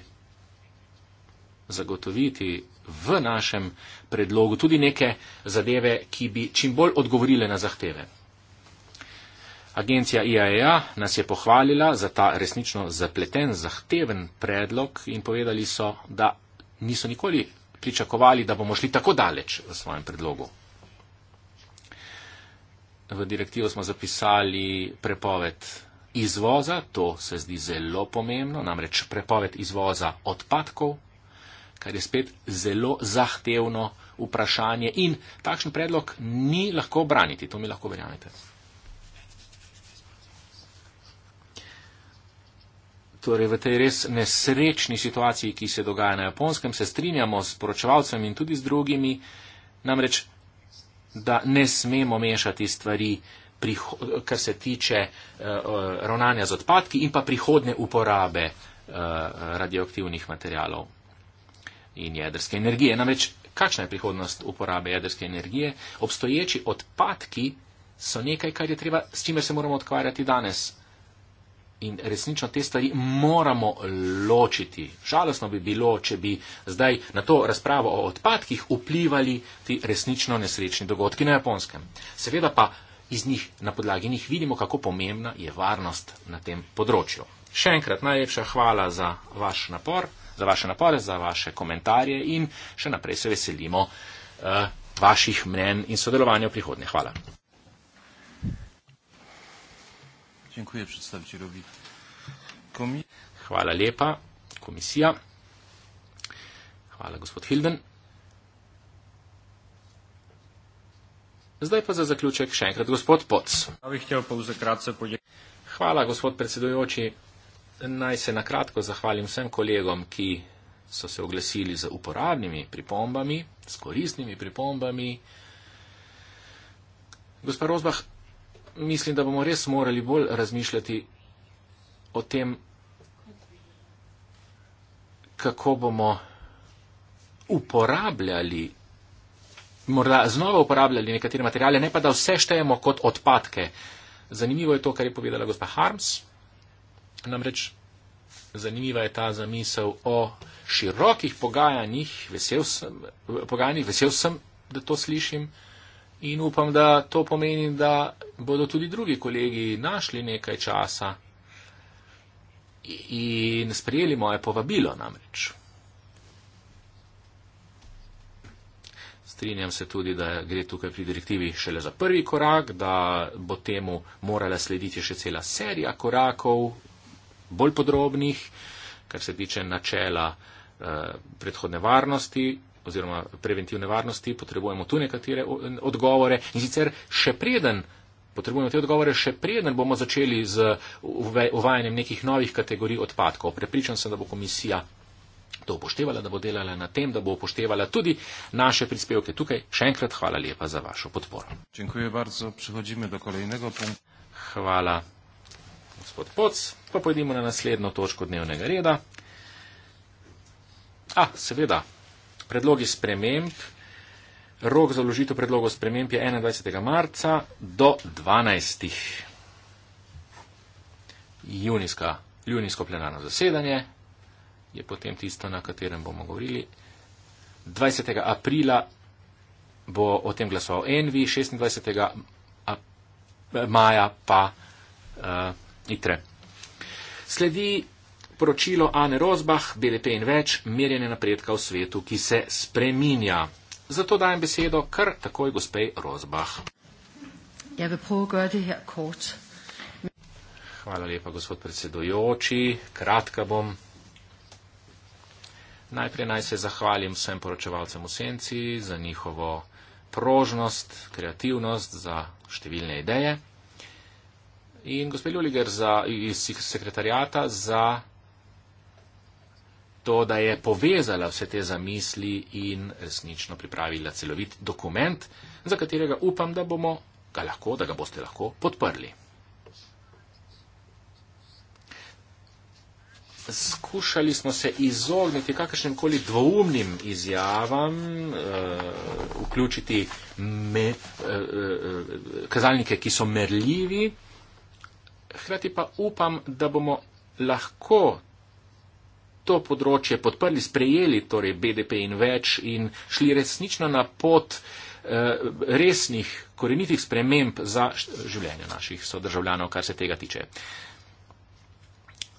zagotoviti v našem predlogu tudi neke zadeve, ki bi čim bolj odgovorile na zahteve. Agencija IAEA e nas je pohvalila za ta resnično zapleten, zahteven predlog in povedali so, da niso nikoli pričakovali, da bomo šli tako daleč v svojem predlogu. V direktivo smo zapisali prepoved izvoza, to se zdi zelo pomembno, namreč prepoved izvoza odpadkov kar je spet zelo zahtevno vprašanje in takšen predlog ni lahko braniti, to mi lahko verjamete. Torej, v tej res nesrečni situaciji, ki se dogaja na japonskem, se strinjamo s poročevalcem in tudi z drugimi, namreč, da ne smemo mešati stvari, kar se tiče eh, ravnanja z odpadki in pa prihodne uporabe eh, radioaktivnih materialov in jedrske energije. Namreč, kakšna je prihodnost uporabe jedrske energije? Obstoječi odpadki so nekaj, kar je treba, s čimer se moramo odkvarjati danes. In resnično te stvari moramo ločiti. Žalostno bi bilo, če bi zdaj na to razpravo o odpadkih vplivali ti resnično nesrečni dogodki na japonskem. Seveda pa iz njih na podlagi njih vidimo, kako pomembna je varnost na tem področju. Še enkrat najlepša hvala za vaš napor za vaše napore, za vaše komentarje in še naprej se veselimo uh, vaših mnen in sodelovanja v prihodnje. Hvala. Hvala lepa, komisija. Hvala, gospod Hilden. Zdaj pa za zaključek še enkrat gospod Poc. Ja, Hvala, gospod predsedujoči. Naj se na kratko zahvalim vsem kolegom, ki so se oglasili z uporabnimi pripombami, s koristnimi pripombami. Gospa Rozbah, mislim, da bomo res morali bolj razmišljati o tem, kako bomo uporabljali, morda znova uporabljali nekatere materijale, ne pa da vse štejemo kot odpadke. Zanimivo je to, kar je povedala gospa Harms. Namreč zanimiva je ta zamisel o širokih pogajanjih, vesel sem, pogajanji, vesel sem, da to slišim in upam, da to pomeni, da bodo tudi drugi kolegi našli nekaj časa in sprejeli moje povabilo namreč. Strinjam se tudi, da gre tukaj pri direktivi šele za prvi korak, da bo temu morala slediti še cela serija korakov, bolj podrobnih, kar se tiče načela eh, predhodne varnosti oziroma preventivne varnosti, potrebujemo tu nekatere odgovore in sicer še preden. Potrebujemo te odgovore še preden bomo začeli z uvajanjem nekih novih kategorij odpadkov. Prepričan sem, da bo komisija to upoštevala, da bo delala na tem, da bo upoštevala tudi naše prispevke tukaj. Še enkrat hvala lepa za vašo podporo. Hvala, gospod Poc pa pojdimo na naslednjo točko dnevnega reda. A, seveda, predlogi sprememb. Rok za ložitev predlogov sprememb je 21. marca do 12. Junijska, junijsko plenarno zasedanje je potem tisto, na katerem bomo govorili. 20. aprila bo o tem glasoval Envi, 26. maja pa uh, ITRE. Sledi poročilo Ane Rozbah, BDP in več, merjenje napredka v svetu, ki se spreminja. Zato dajem besedo kar takoj gospej Rozbah. Hvala lepa, gospod predsedujoči. Kratka bom. Najprej naj se zahvalim vsem poročevalcem v Senci za njihovo prožnost, kreativnost, za številne ideje. In gospod Ljuliger za, iz sekretarjata za to, da je povezala vse te zamisli in resnično pripravila celovit dokument, za katerega upam, da bomo ga lahko, da ga boste lahko podprli. Skušali smo se izogniti kakršnim koli dvoumnim izjavam, uh, vključiti me, uh, uh, kazalnike, ki so merljivi, hkrati pa upam, da bomo lahko to področje podprli, sprejeli, torej BDP in več, in šli resnično na pot eh, resnih, korenitih sprememb za življenje naših sodržavljanov, kar se tega tiče.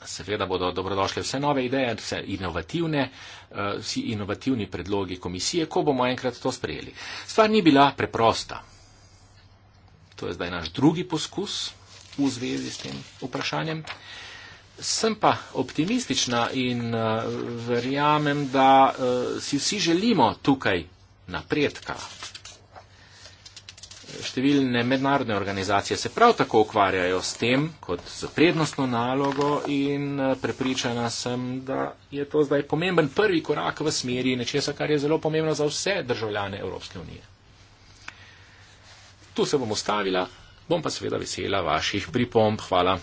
Seveda bodo dobrodošle vse nove ideje, vse inovativne, eh, vsi inovativni predlogi komisije, ko bomo enkrat to sprejeli. Stvar ni bila preprosta. To je zdaj naš drugi poskus, v zvezi s tem vprašanjem. Sem pa optimistična in eh, verjamem, da eh, si vsi želimo tukaj napredka. Številne mednarodne organizacije se prav tako ukvarjajo s tem kot z prednostno nalogo in eh, prepričana sem, da je to zdaj pomemben prvi korak v smeri nečesa, kar je zelo pomembno za vse državljane Evropske unije. Tu se bom ustavila. Bom pa seveda vesela vaših pripomb. Hvala.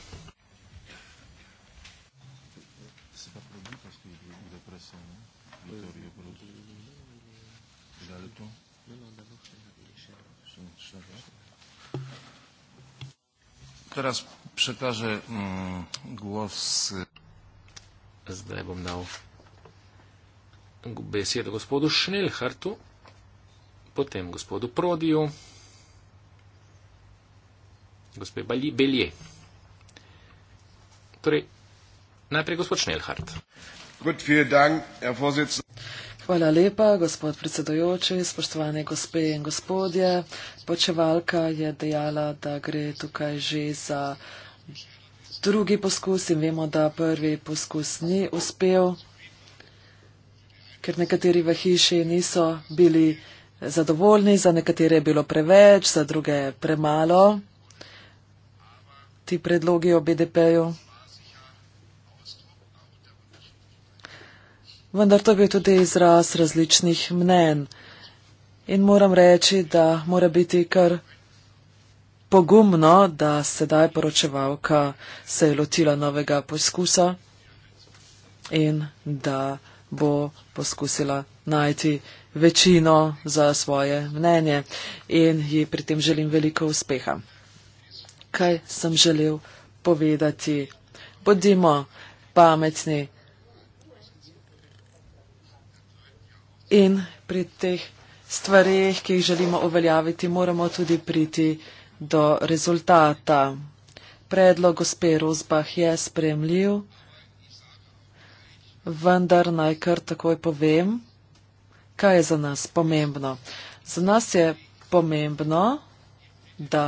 Teraz przekażę mm, głos. Zdaj bom dal besedo gospodu Schnellhartu, potem gospodu Prodiju gospe Belje. Torej, najprej gospod Šnelhart. Hvala lepa, gospod predsedojoči, spoštovane gospe in gospodje. Počevalka je dejala, da gre tukaj že za drugi poskus in vemo, da prvi poskus ni uspel, ker nekateri v hiši niso bili zadovoljni, za nekatere je bilo preveč, za druge premalo ti predlogi o BDP-ju. Vendar to je bil tudi izraz različnih mnen. In moram reči, da mora biti kar pogumno, da sedaj poročevalka se je lotila novega poskusa in da bo poskusila najti večino za svoje mnenje in ji pri tem želim veliko uspeha kaj sem želel povedati. Bodimo pametni. In pri teh stvarih, ki jih želimo uveljaviti, moramo tudi priti do rezultata. Predlog gospe Rozbah je spremljiv, vendar naj kar takoj povem, kaj je za nas pomembno. Za nas je pomembno, da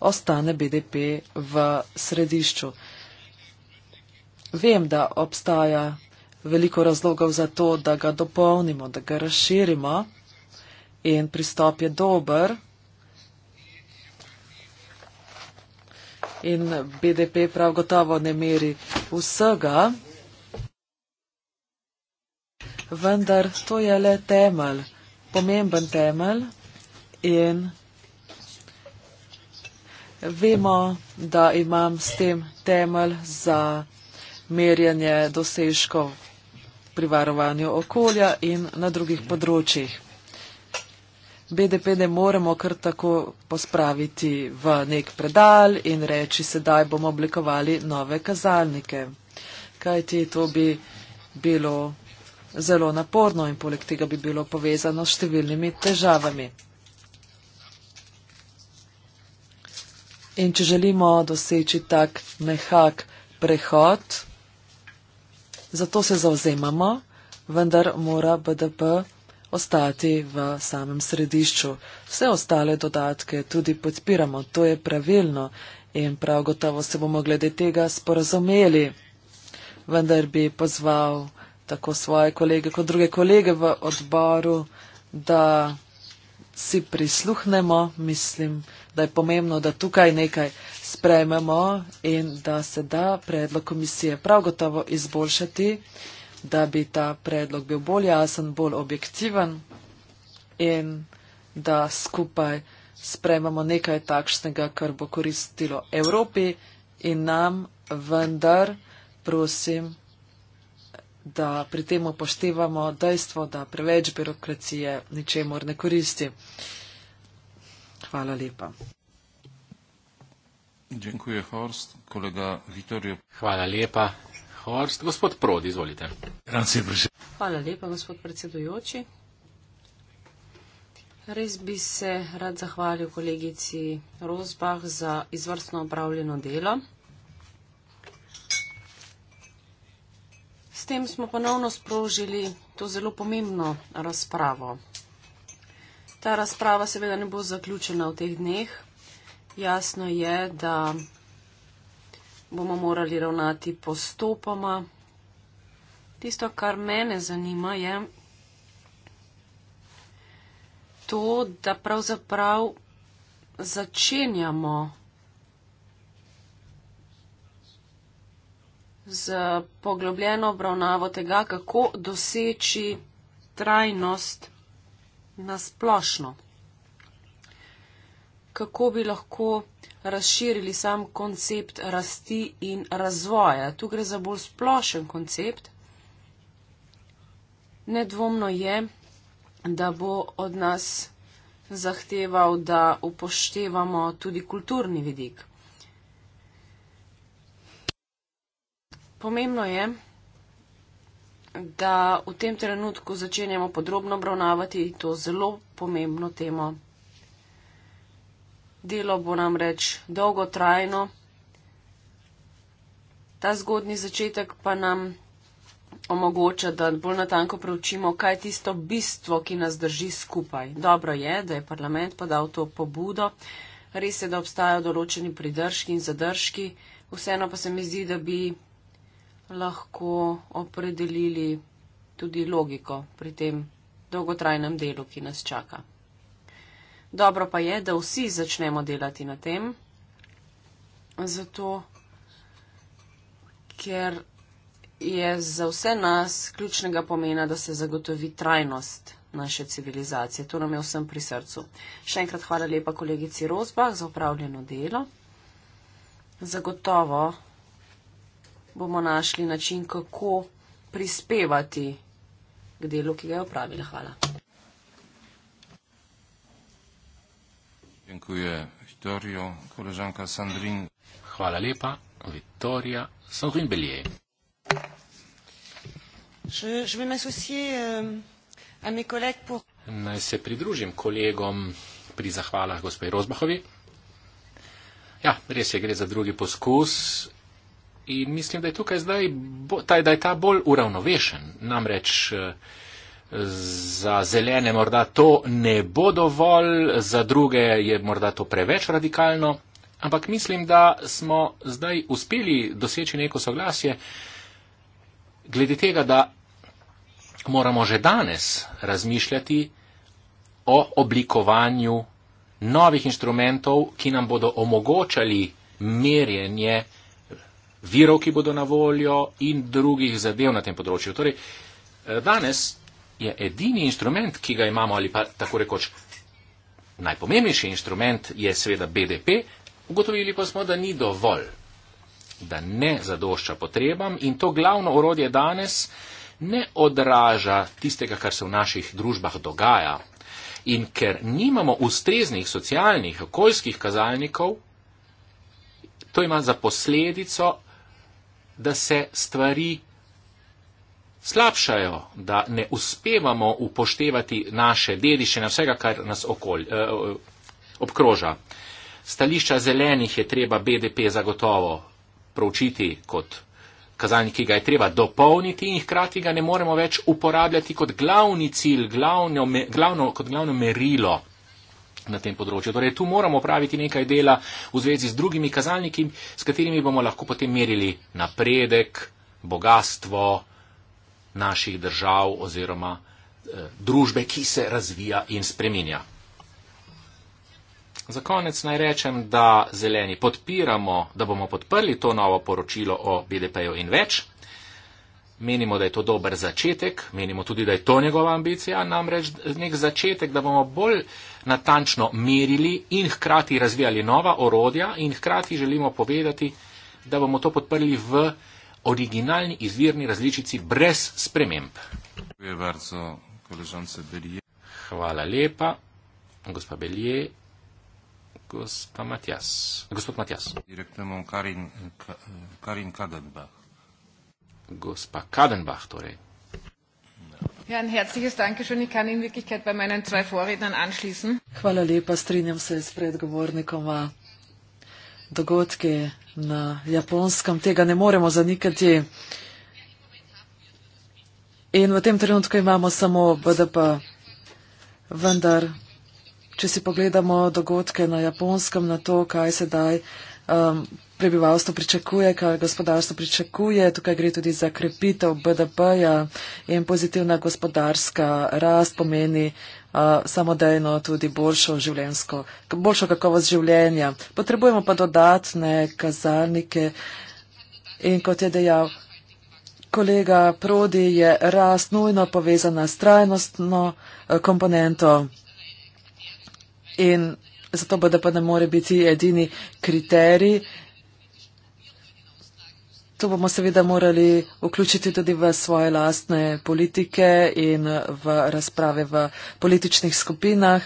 ostane BDP v središču. Vem, da obstaja veliko razlogov za to, da ga dopolnimo, da ga razširimo in pristop je dober. In BDP prav gotovo ne meri vsega, vendar to je le temelj, pomemben temelj in Vemo, da imam s tem temelj za merjanje dosežkov pri varovanju okolja in na drugih področjih. BDP ne moremo kar tako pospraviti v nek predal in reči, sedaj bomo oblikovali nove kazalnike. Kajti to bi bilo zelo naporno in poleg tega bi bilo povezano s številnimi težavami. In če želimo doseči tak mehak prehod, zato se zauzemamo, vendar mora BDP ostati v samem središču. Vse ostale dodatke tudi podpiramo, to je pravilno in prav gotovo se bomo glede tega sporazumeli. Vendar bi pozval tako svoje kolege kot druge kolege v odboru, da si prisluhnemo, mislim, da je pomembno, da tukaj nekaj sprejmemo in da se da predlog komisije prav gotovo izboljšati, da bi ta predlog bil bolj jasen, bolj objektiven in da skupaj sprejmemo nekaj takšnega, kar bo koristilo Evropi in nam vendar prosim, da pri tem upoštevamo dejstvo, da preveč birokracije ničemor ne koristi. Hvala lepa. Dziękuję, Horst. Kolega Vittorio. Hvala lepa, Horst. Gospod Prod, izvolite. Hvala lepa, gospod predsedujoči. Res bi se rad zahvalil kolegici Rozbah za izvrstno opravljeno delo. S tem smo ponovno sprožili to zelo pomembno razpravo. Ta razprava seveda ne bo zaključena v teh dneh. Jasno je, da bomo morali ravnati postopoma. Tisto, kar mene zanima, je to, da pravzaprav začenjamo z poglobljeno obravnavo tega, kako doseči trajnost nasplošno. Kako bi lahko razširili sam koncept rasti in razvoja? Tu gre za bolj splošen koncept. Nedvomno je, da bo od nas zahteval, da upoštevamo tudi kulturni vidik. Pomembno je, da v tem trenutku začenjamo podrobno obravnavati to zelo pomembno temo. Delo bo nam reč dolgo trajno, ta zgodni začetek pa nam omogoča, da bolj natanko preučimo, kaj je tisto bistvo, ki nas drži skupaj. Dobro je, da je parlament podal to pobudo, res je, da obstajajo določeni pridržki in zadržki, vseeno pa se mi zdi, da bi lahko opredelili tudi logiko pri tem dolgotrajnem delu, ki nas čaka. Dobro pa je, da vsi začnemo delati na tem, zato ker je za vse nas ključnega pomena, da se zagotovi trajnost naše civilizacije. To nam je vsem pri srcu. Še enkrat hvala lepa kolegici Rozbah za upravljeno delo. Zagotovo bomo našli način, kako prispevati k delu, ki ga je opravila. Hvala. Dziękuję, Vittorio. Koleżanka Sandrin. Hvala lepa, Vittoria Sorin-Bellier. Euh, Naj se pridružim kolegom pri zahvalah gospe Rozbahovi. Ja, res je, gre za drugi poskus In mislim, da je tukaj zdaj, bo, taj, da je ta bolj uravnovešen. Namreč eh, za zelene morda to ne bo dovolj, za druge je morda to preveč radikalno, ampak mislim, da smo zdaj uspeli doseči neko soglasje glede tega, da moramo že danes razmišljati o oblikovanju novih inštrumentov, ki nam bodo omogočali merjenje, virov, ki bodo na voljo in drugih zadev na tem področju. Torej, eh, danes je edini instrument, ki ga imamo ali pa tako rekoč najpomembnejši instrument je seveda BDP, ugotovili pa smo, da ni dovolj, da ne zadošča potrebam in to glavno orodje danes ne odraža tistega, kar se v naših družbah dogaja. In ker nimamo ustreznih socialnih, okoljskih kazalnikov, to ima za posledico da se stvari slabšajo, da ne uspevamo upoštevati naše dediščine, vsega, kar nas okolj, eh, obkroža. Stališča zelenih je treba BDP zagotovo proučiti kot kazalnik, ki ga je treba dopolniti in hkrati ga ne moremo več uporabljati kot glavni cilj, glavno, glavno, kot glavno merilo na tem področju. Torej, tu moramo praviti nekaj dela v zvezi z drugimi kazalniki, s katerimi bomo lahko potem merili napredek, bogatstvo naših držav oziroma eh, družbe, ki se razvija in spreminja. Za konec naj rečem, da zeleni podpiramo, da bomo podprli to novo poročilo o BDP-ju in več, Menimo, da je to dober začetek, menimo tudi, da je to njegova ambicija, namreč nek začetek, da bomo bolj natančno merili in hkrati razvijali nova orodja in hkrati želimo povedati, da bomo to podprli v originalni izvirni različici brez sprememb. Hvala lepa, gospa Belje. Gospa Matjas. Gospod Matjas. Direktno imamo Karin, Karin Kadenbach gospa Kadenbach, torej. Ja, ein herzliches Dankeschön. Ich kann in Wirklichkeit bei meinen zwei Vorrednern anschließen. Hvala lepa, strinjam se s predgovornikoma. Dogodke na Japonskem tega ne moremo zanikati. In v tem trenutku imamo samo BDP. Vendar, če si pogledamo dogodke na Japonskem, na to, kaj se daj um, prebivalstvo pričakuje, kar gospodarstvo pričakuje. Tukaj gre tudi za krepitev BDP-ja in pozitivna gospodarska rast pomeni uh, samodejno tudi boljšo, boljšo kakovost življenja. Potrebujemo pa dodatne kazalnike in kot je dejal. Kolega Prodi je rast nujno povezana s trajnostno komponento in zato BDP ne more biti edini kriterij To bomo seveda morali vključiti tudi v svoje lastne politike in v razprave v političnih skupinah.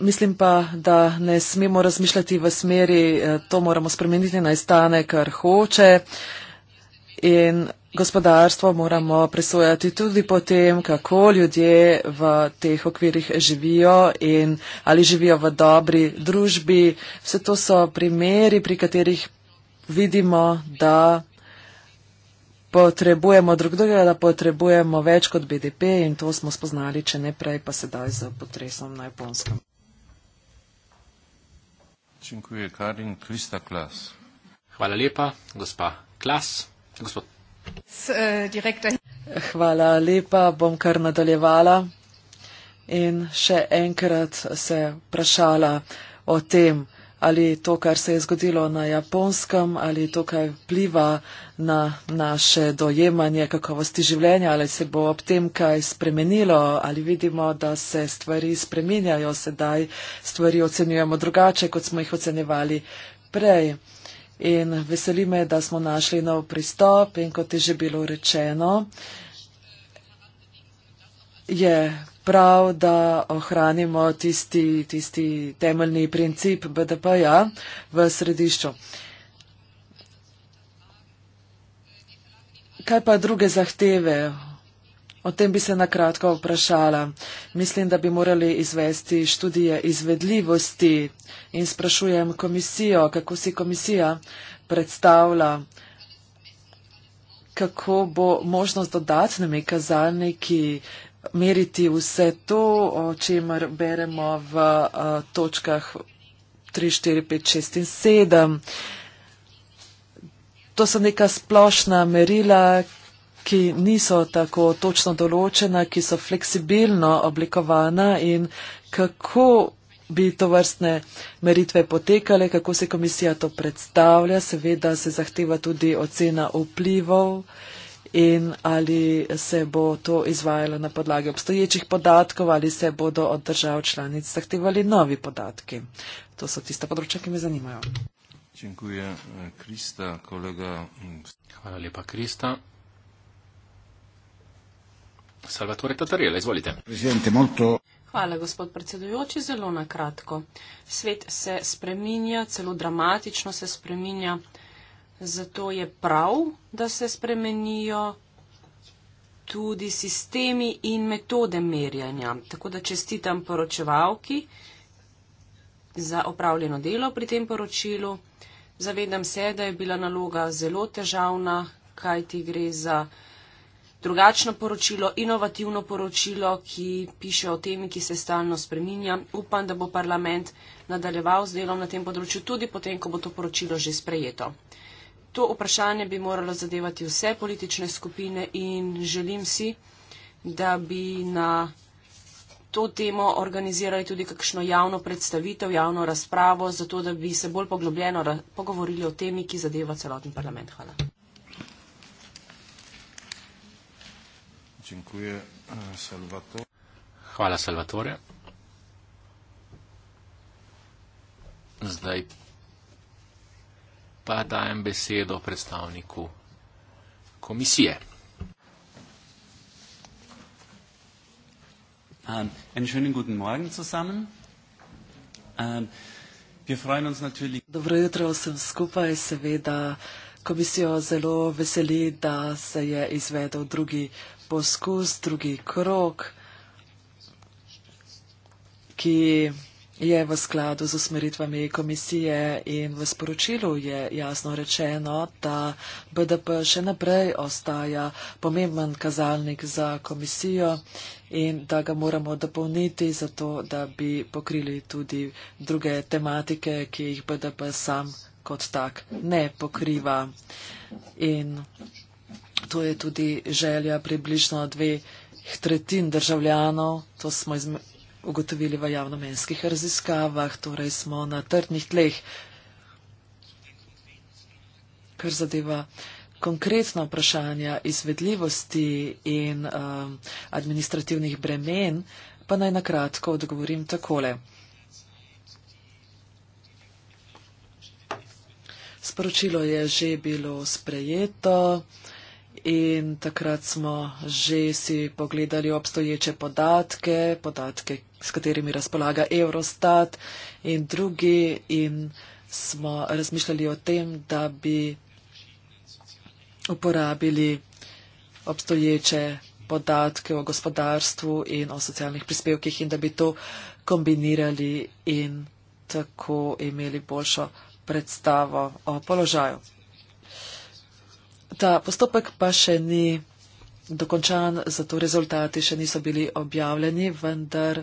Mislim pa, da ne smemo razmišljati v smeri, eh, to moramo spremeniti, naj stane, kar hoče. Uh, in gospodarstvo moramo presojati tudi po tem, kako ljudje v teh okvirih živijo in ali živijo v dobri družbi. Vse to so primeri, pri katerih vidimo, da potrebujemo drug drugega, da potrebujemo več kot BDP in to smo spoznali, če ne prej, pa sedaj z potresom na Japonskem. Hvala lepa, gospa Klas. Gospod. S, eh, Hvala lepa, bom kar nadaljevala in še enkrat se vprašala o tem, ali to, kar se je zgodilo na japonskem, ali to, kar vpliva na naše dojemanje kakovosti življenja, ali se bo ob tem kaj spremenilo, ali vidimo, da se stvari spreminjajo, sedaj stvari ocenjujemo drugače, kot smo jih ocenjevali prej. In veseli me, da smo našli nov pristop in kot je že bilo rečeno, je prav, da ohranimo tisti, tisti temeljni princip BDP-ja v središču. Kaj pa druge zahteve O tem bi se nakratko vprašala. Mislim, da bi morali izvesti študije izvedljivosti in sprašujem komisijo, kako si komisija predstavlja, kako bo možnost dodatnimi kazalniki meriti vse to, o čemer beremo v eh, točkah 3, 4, 5, 6 in 7. To so neka splošna merila, ki niso tako točno določena, ki so fleksibilno oblikovana in kako bi to vrstne meritve potekale, kako se komisija to predstavlja. Seveda se zahteva tudi ocena vplivov in ali se bo to izvajalo na podlagi obstoječih podatkov ali se bodo od držav članic zahtevali novi podatki. To so tiste področja, ki me zanimajo. Dziękuję, Krista, kolega. Hvala lepa, Krista. Salvatore Tatarela, izvolite. Prezidente, molto... Hvala, gospod predsedujoči. Zelo na kratko. Svet se spreminja, celo dramatično se spreminja. Zato je prav, da se spremenijo tudi sistemi in metode merjanja. Tako da čestitam poročevalki za opravljeno delo pri tem poročilu. Zavedam se, da je bila naloga zelo težavna, kajti gre za drugačno poročilo, inovativno poročilo, ki piše o temi, ki se stalno spreminja. Upam, da bo parlament nadaljeval z delom na tem področju tudi potem, ko bo to poročilo že sprejeto. To vprašanje bi moralo zadevati vse politične skupine in želim si, da bi na to temo organizirali tudi kakšno javno predstavitev, javno razpravo, zato da bi se bolj poglobljeno pogovorili o temi, ki zadeva celoten parlament. Hvala. Dziękuję, e, Salvatore. Hvala, Salvatore. Zdaj pa dajem besedo predstavniku komisije. Ähm, ähm, Dobro jutro vsem skupaj. Seveda komisijo zelo veseli, da se je izvedel drugi poskus, drugi krok, ki je v skladu z usmeritvami komisije in v sporočilu je jasno rečeno, da BDP še naprej ostaja pomemben kazalnik za komisijo in da ga moramo dopolniti zato, da bi pokrili tudi druge tematike, ki jih BDP sam kot tak ne pokriva. In To je tudi želja približno dveh tretjin državljanov, to smo ugotovili v javnomenskih raziskavah, torej smo na trdnih tleh. Kar zadeva konkretna vprašanja izvedljivosti in um, administrativnih bremen, pa naj nakratko odgovorim takole. Sporočilo je že bilo sprejeto. In takrat smo že si pogledali obstoječe podatke, podatke, s katerimi razpolaga Eurostat in drugi, in smo razmišljali o tem, da bi uporabili obstoječe podatke o gospodarstvu in o socialnih prispevkih in da bi to kombinirali in tako imeli boljšo predstavo o položaju. Ta postopek pa še ni dokončan, zato rezultati še niso bili objavljeni, vendar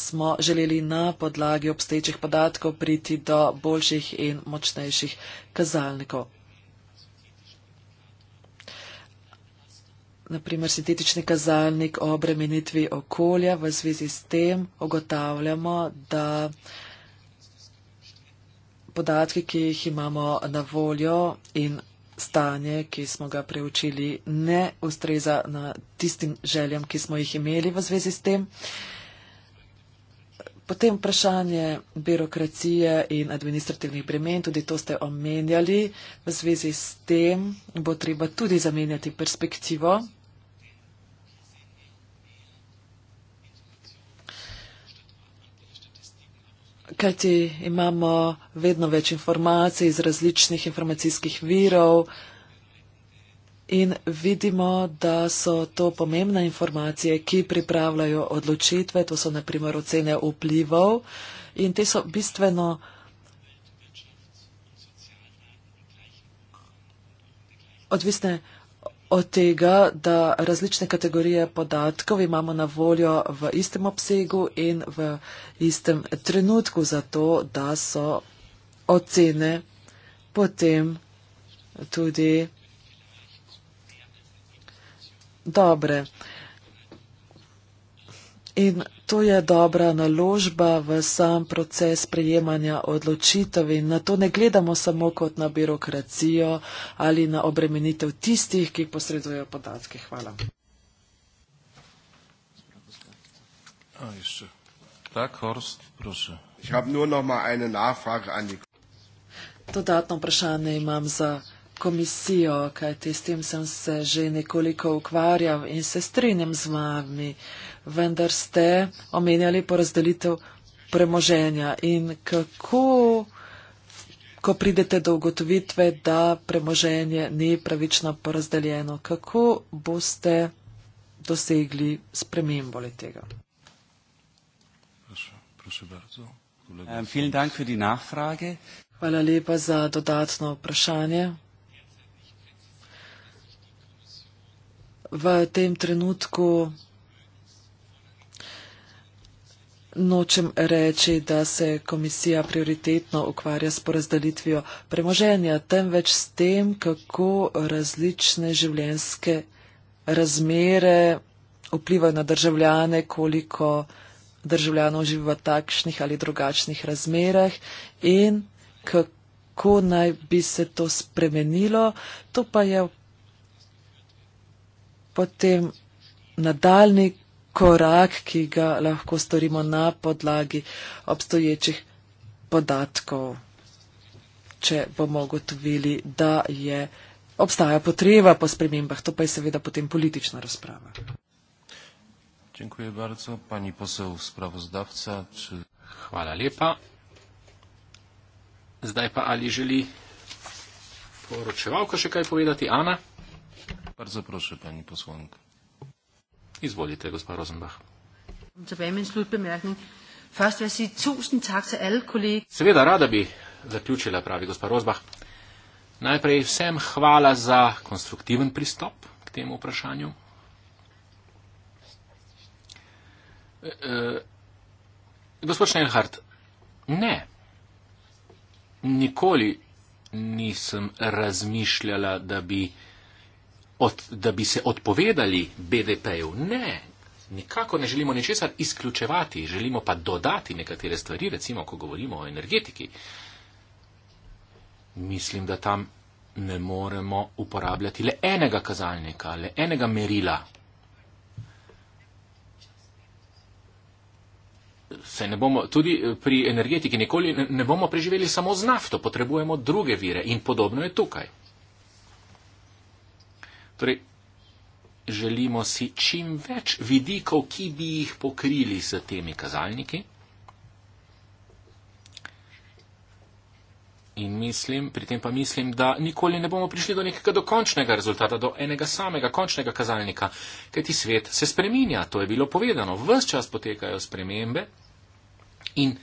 smo želeli na podlagi obstečih podatkov priti do boljših in močnejših kazalnikov. Naprimer, sintetični kazalnik o obremenitvi okolja v zvezi s tem ogotavljamo, da podatki, ki jih imamo na voljo in stanje, ki smo ga preučili, ne ustreza na tistim željam, ki smo jih imeli v zvezi s tem. Potem vprašanje birokracije in administrativnih bremen, tudi to ste omenjali. V zvezi s tem bo treba tudi zamenjati perspektivo. kajti imamo vedno več informacij iz različnih informacijskih virov in vidimo, da so to pomembne informacije, ki pripravljajo odločitve, to so naprimer ocene vplivov in te so bistveno odvisne informacije od tega, da različne kategorije podatkov imamo na voljo v istem obsegu in v istem trenutku, zato da so ocene potem tudi dobre. In to je dobra naložba v sam proces prejemanja odločitev in na to ne gledamo samo kot na birokracijo ali na obremenitev tistih, ki posredujejo podatke. Hvala. Dodatno vprašanje imam za komisijo, kajti s tem sem se že nekoliko ukvarjal in se strinjam z vami, vendar ste omenjali porazdelitev premoženja in kako, ko pridete do ugotovitve, da premoženje ni pravično porazdeljeno, kako boste dosegli spremembo le tega. Hvala lepa za dodatno vprašanje. v tem trenutku nočem reči, da se komisija prioritetno ukvarja s porazdelitvijo premoženja, temveč s tem, kako različne življenjske razmere vplivajo na državljane, koliko državljanov živi v takšnih ali drugačnih razmerah in kako naj bi se to spremenilo. To pa je potem nadaljni korak, ki ga lahko storimo na podlagi obstoječih podatkov, če bomo ugotovili, da je, obstaja potreba po spremembah. To pa je seveda potem politična razprava. Dziękuję bardzo. Pani poseł sprawozdawca. Czy... Hvala lepa. Zdaj pa ali želi poročevalka še kaj povedati? Ana? Bardzo proszę pani posłanka. Izwolite, gospod Rosenbach. Seveda, rada bi zaključila, pravi gospod Rosbach. Najprej vsem hvala za konstruktiven pristop k temu vprašanju. E, e gospod Schenhardt, ne, nikoli nisem razmišljala, da bi od, da bi se odpovedali BDP-ju. Ne, nikako ne želimo ničesar izključevati, želimo pa dodati nekatere stvari, recimo, ko govorimo o energetiki. Mislim, da tam ne moremo uporabljati le enega kazalnika, le enega merila. Ne bomo, tudi pri energetiki nikoli ne bomo preživeli samo z nafto, potrebujemo druge vire in podobno je tukaj. Torej, želimo si čim več vidikov, ki bi jih pokrili z temi kazalniki. In mislim, pri tem pa mislim, da nikoli ne bomo prišli do nekega dokončnega rezultata, do enega samega končnega kazalnika, kajti svet se spreminja, to je bilo povedano, vse čas potekajo spremembe in,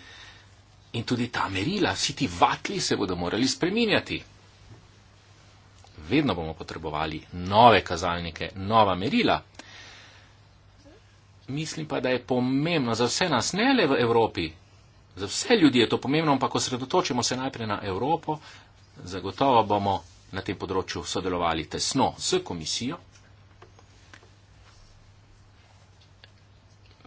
in tudi ta merila, vsi ti vatli se bodo morali spreminjati vedno bomo potrebovali nove kazalnike, nova merila. Mislim pa, da je pomembno za vse nas, ne le v Evropi, za vse ljudi je to pomembno, ampak ko sredotočimo se najprej na Evropo, zagotovo bomo na tem področju sodelovali tesno s komisijo.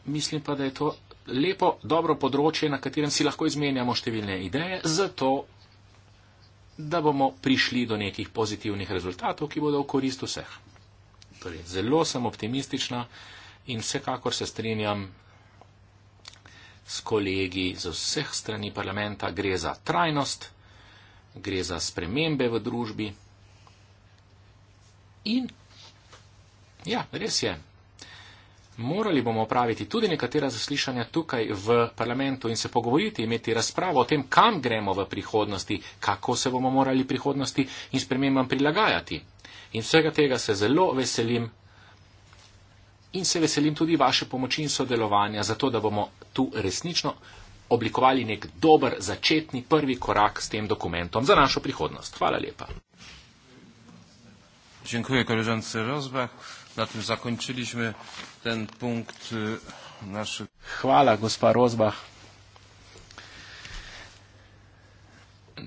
Mislim pa, da je to lepo, dobro področje, na katerem si lahko izmenjamo številne ideje, zato da bomo prišli do nekih pozitivnih rezultatov, ki bodo v korist vseh. Torej, zelo sem optimistična in vsekakor se strinjam s kolegi z vseh strani parlamenta, gre za trajnost, gre za spremembe v družbi. In ja, res je, Morali bomo opraviti tudi nekatera zaslišanja tukaj v parlamentu in se pogovoriti, imeti razpravo o tem, kam gremo v prihodnosti, kako se bomo morali prihodnosti in spremembam prilagajati. In vsega tega se zelo veselim in se veselim tudi vaše pomoči in sodelovanja, zato da bomo tu resnično oblikovali nek dober začetni prvi korak s tem dokumentom za našo prihodnost. Hvala lepa. Dziękuję koleżance Rozbach. Na tym zakończyliśmy ten punkt naszych. Chwala, gospa Rozbach.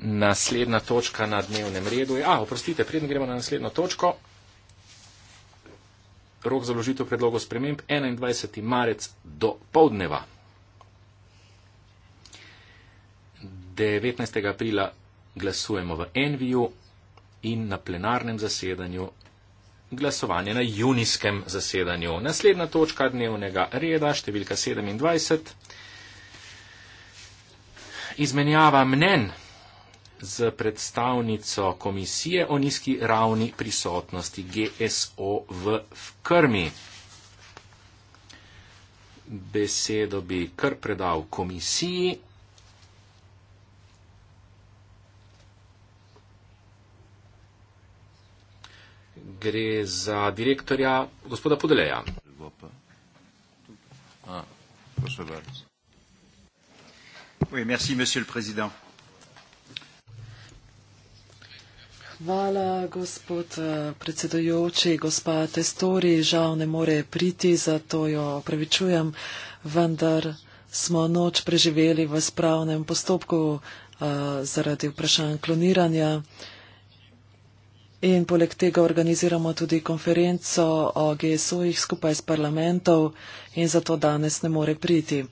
Naslednja točka na dnevnem redu je. A, oprostite, preden gremo na naslednjo točko. Rok za vložitev predlogov sprememb 21. marec do povdneva. 19. aprila glasujemo v Enviju in na plenarnem zasedanju glasovanje na junijskem zasedanju. Naslednja točka dnevnega reda, številka 27. Izmenjava mnen z predstavnico komisije o nizki ravni prisotnosti GSO v Krmi. Besedo bi kar predal komisiji, gre za direktorja gospoda Podeleja. Hvala, gospod eh, predsedojoči, gospa Testori. Žal ne more priti, zato jo opravičujem, vendar smo noč preživeli v spravnem postopku uh, zaradi vprašanj kloniranja. Uh, In poleg tega organiziramo tudi konferenco o GSO-jih skupaj s parlamentov in zato danes ne more priti.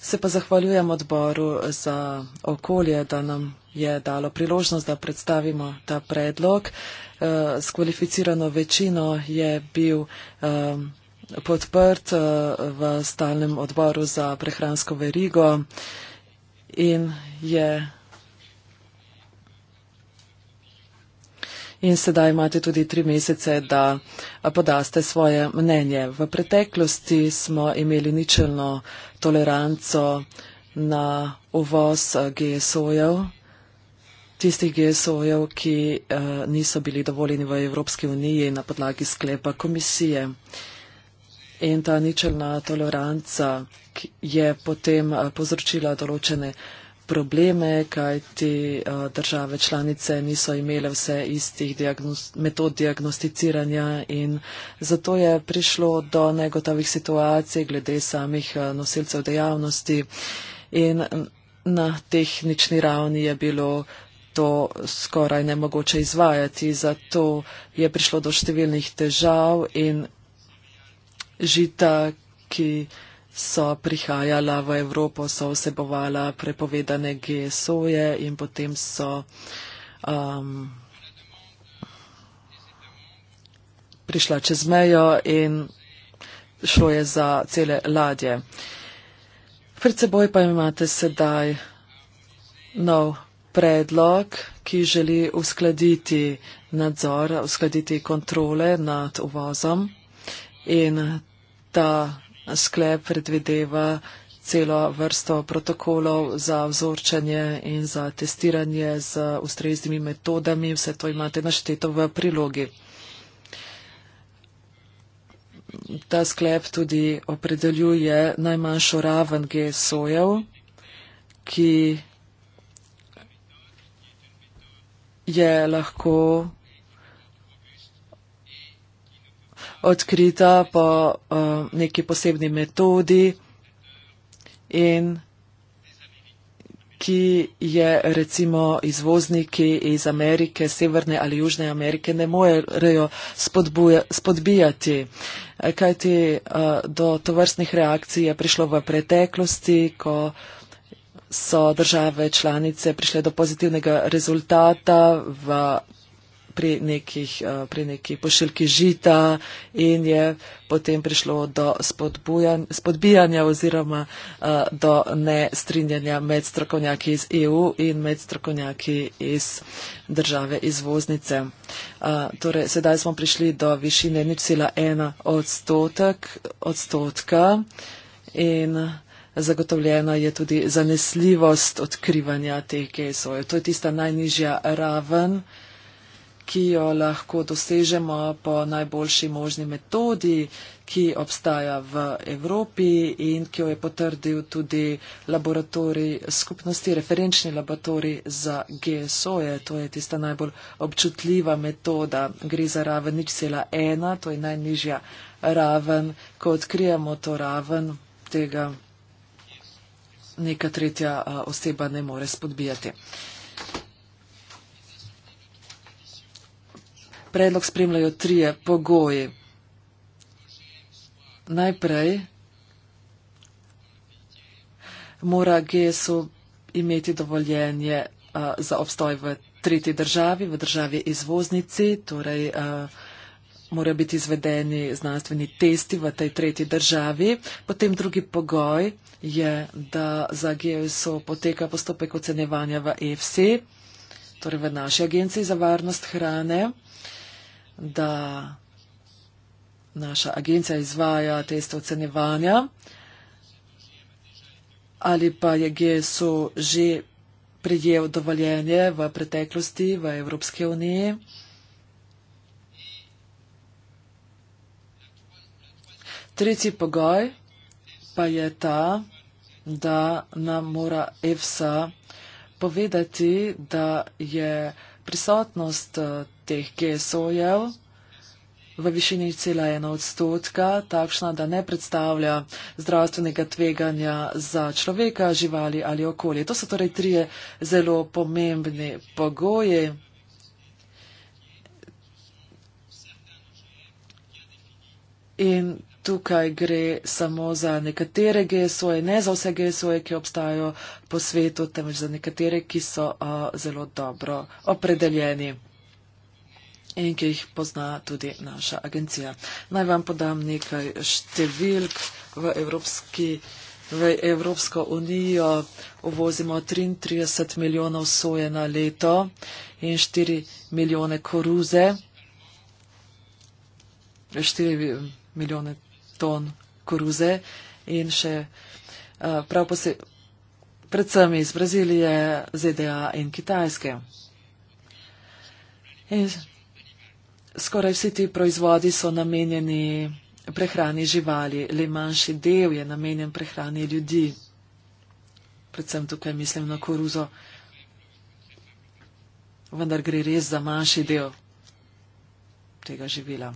Se pa zahvaljujem odboru za okolje, da nam je dalo priložnost, da predstavimo ta predlog. Eh, s kvalificirano večino je bil eh, podprt eh, v stalnem odboru za prehransko verigo in je. in sedaj imate tudi tri mesece, da podaste svoje mnenje. V preteklosti smo imeli ničelno toleranco na uvoz eh, GSO-jev, tistih GSO-jev, ki eh, niso bili dovoljeni v Evropski uniji na podlagi sklepa komisije. In ta ničelna toleranca je potem eh, povzročila določene probleme, kaj ti eh, države članice niso imele vse istih diagnoz, metod diagnosticiranja in zato je prišlo do negotovih situacij glede samih eh, nosilcev dejavnosti in na tehnični ravni je bilo to skoraj nemogoče izvajati, zato je prišlo do številnih težav in žita, ki so prihajala v Evropo, so vsebovala prepovedane GSO-je in potem so um, prišla čez mejo in šlo je za cele ladje. Pred seboj pa imate sedaj nov predlog, ki želi uskladiti nadzor, uskladiti kontrole nad uvozom in ta sklep predvideva celo vrsto protokolov za vzorčanje in za testiranje z ustreznimi metodami. Vse to imate našteto v prilogi. Ta sklep tudi opredeljuje najmanjšo raven GSO-jev, ki je lahko odkrita po uh, neki posebni metodi in ki je recimo izvozniki iz Amerike, Severne ali Južne Amerike ne morejo spodbijati. Eh, kajti eh, do tovrstnih reakcij je prišlo v preteklosti, ko so države članice prišle do pozitivnega rezultata v pri, nekih, eh, pri neki pošiljki žita in je potem prišlo do spodbijanja oziroma eh, do nestrinjanja med strokovnjaki iz EU in med strokovnjaki iz države izvoznice. Eh, torej, sedaj smo prišli do višine 0,1 odstotek, odstotka in zagotovljena je tudi zanesljivost odkrivanja teh GSO. To je tista najnižja raven ki jo lahko dosežemo po najboljši možni metodi, ki obstaja v Evropi in ki jo je potrdil tudi laboratorij skupnosti, referenčni laboratorij za GSO. -je. To je tista najbolj občutljiva metoda. Gre za raven nič cela ena, to je najnižja raven. Ko odkrijemo to raven, tega neka tretja eh, oseba ne more spodbijati. predlog spremljajo trije pogoji. Najprej mora GSO imeti dovoljenje uh, za obstoj v tretji državi, v državi izvoznici, torej uh, morajo biti izvedeni znanstveni testi v tej tretji državi. Potem drugi pogoj je, da za GSO poteka postopek ocenjevanja v EFSI, torej v naši agenciji za varnost hrane da naša agencija izvaja teste ocenjevanja ali pa je GSO e že prijel dovoljenje v preteklosti v Evropske unije. Tretji pogoj pa je ta, da nam mora EFSA povedati, da je prisotnost teh GSO-jev v višini cela ena odstotka, takšna, da ne predstavlja zdravstvenega tveganja za človeka, živali ali okolje. To so torej trije zelo pomembni pogoji. In tukaj gre samo za nekatere GSO-je, ne za vse GSO-je, ki obstajajo po svetu, temveč za nekatere, ki so uh, zelo dobro opredeljeni in ki jih pozna tudi naša agencija. Naj vam podam nekaj številk v Evropski. V Evropsko unijo uvozimo 33 milijonov soje na leto in 4 milijone koruze, 4 milijone ton koruze in še eh, prav posebej, predvsem iz Brazilije, ZDA in Kitajske. In skoraj vsi ti proizvodi so namenjeni prehrani živali, le manjši del je namenjen prehrani ljudi. Predvsem tukaj mislim na koruzo, vendar gre res za manjši del tega živila.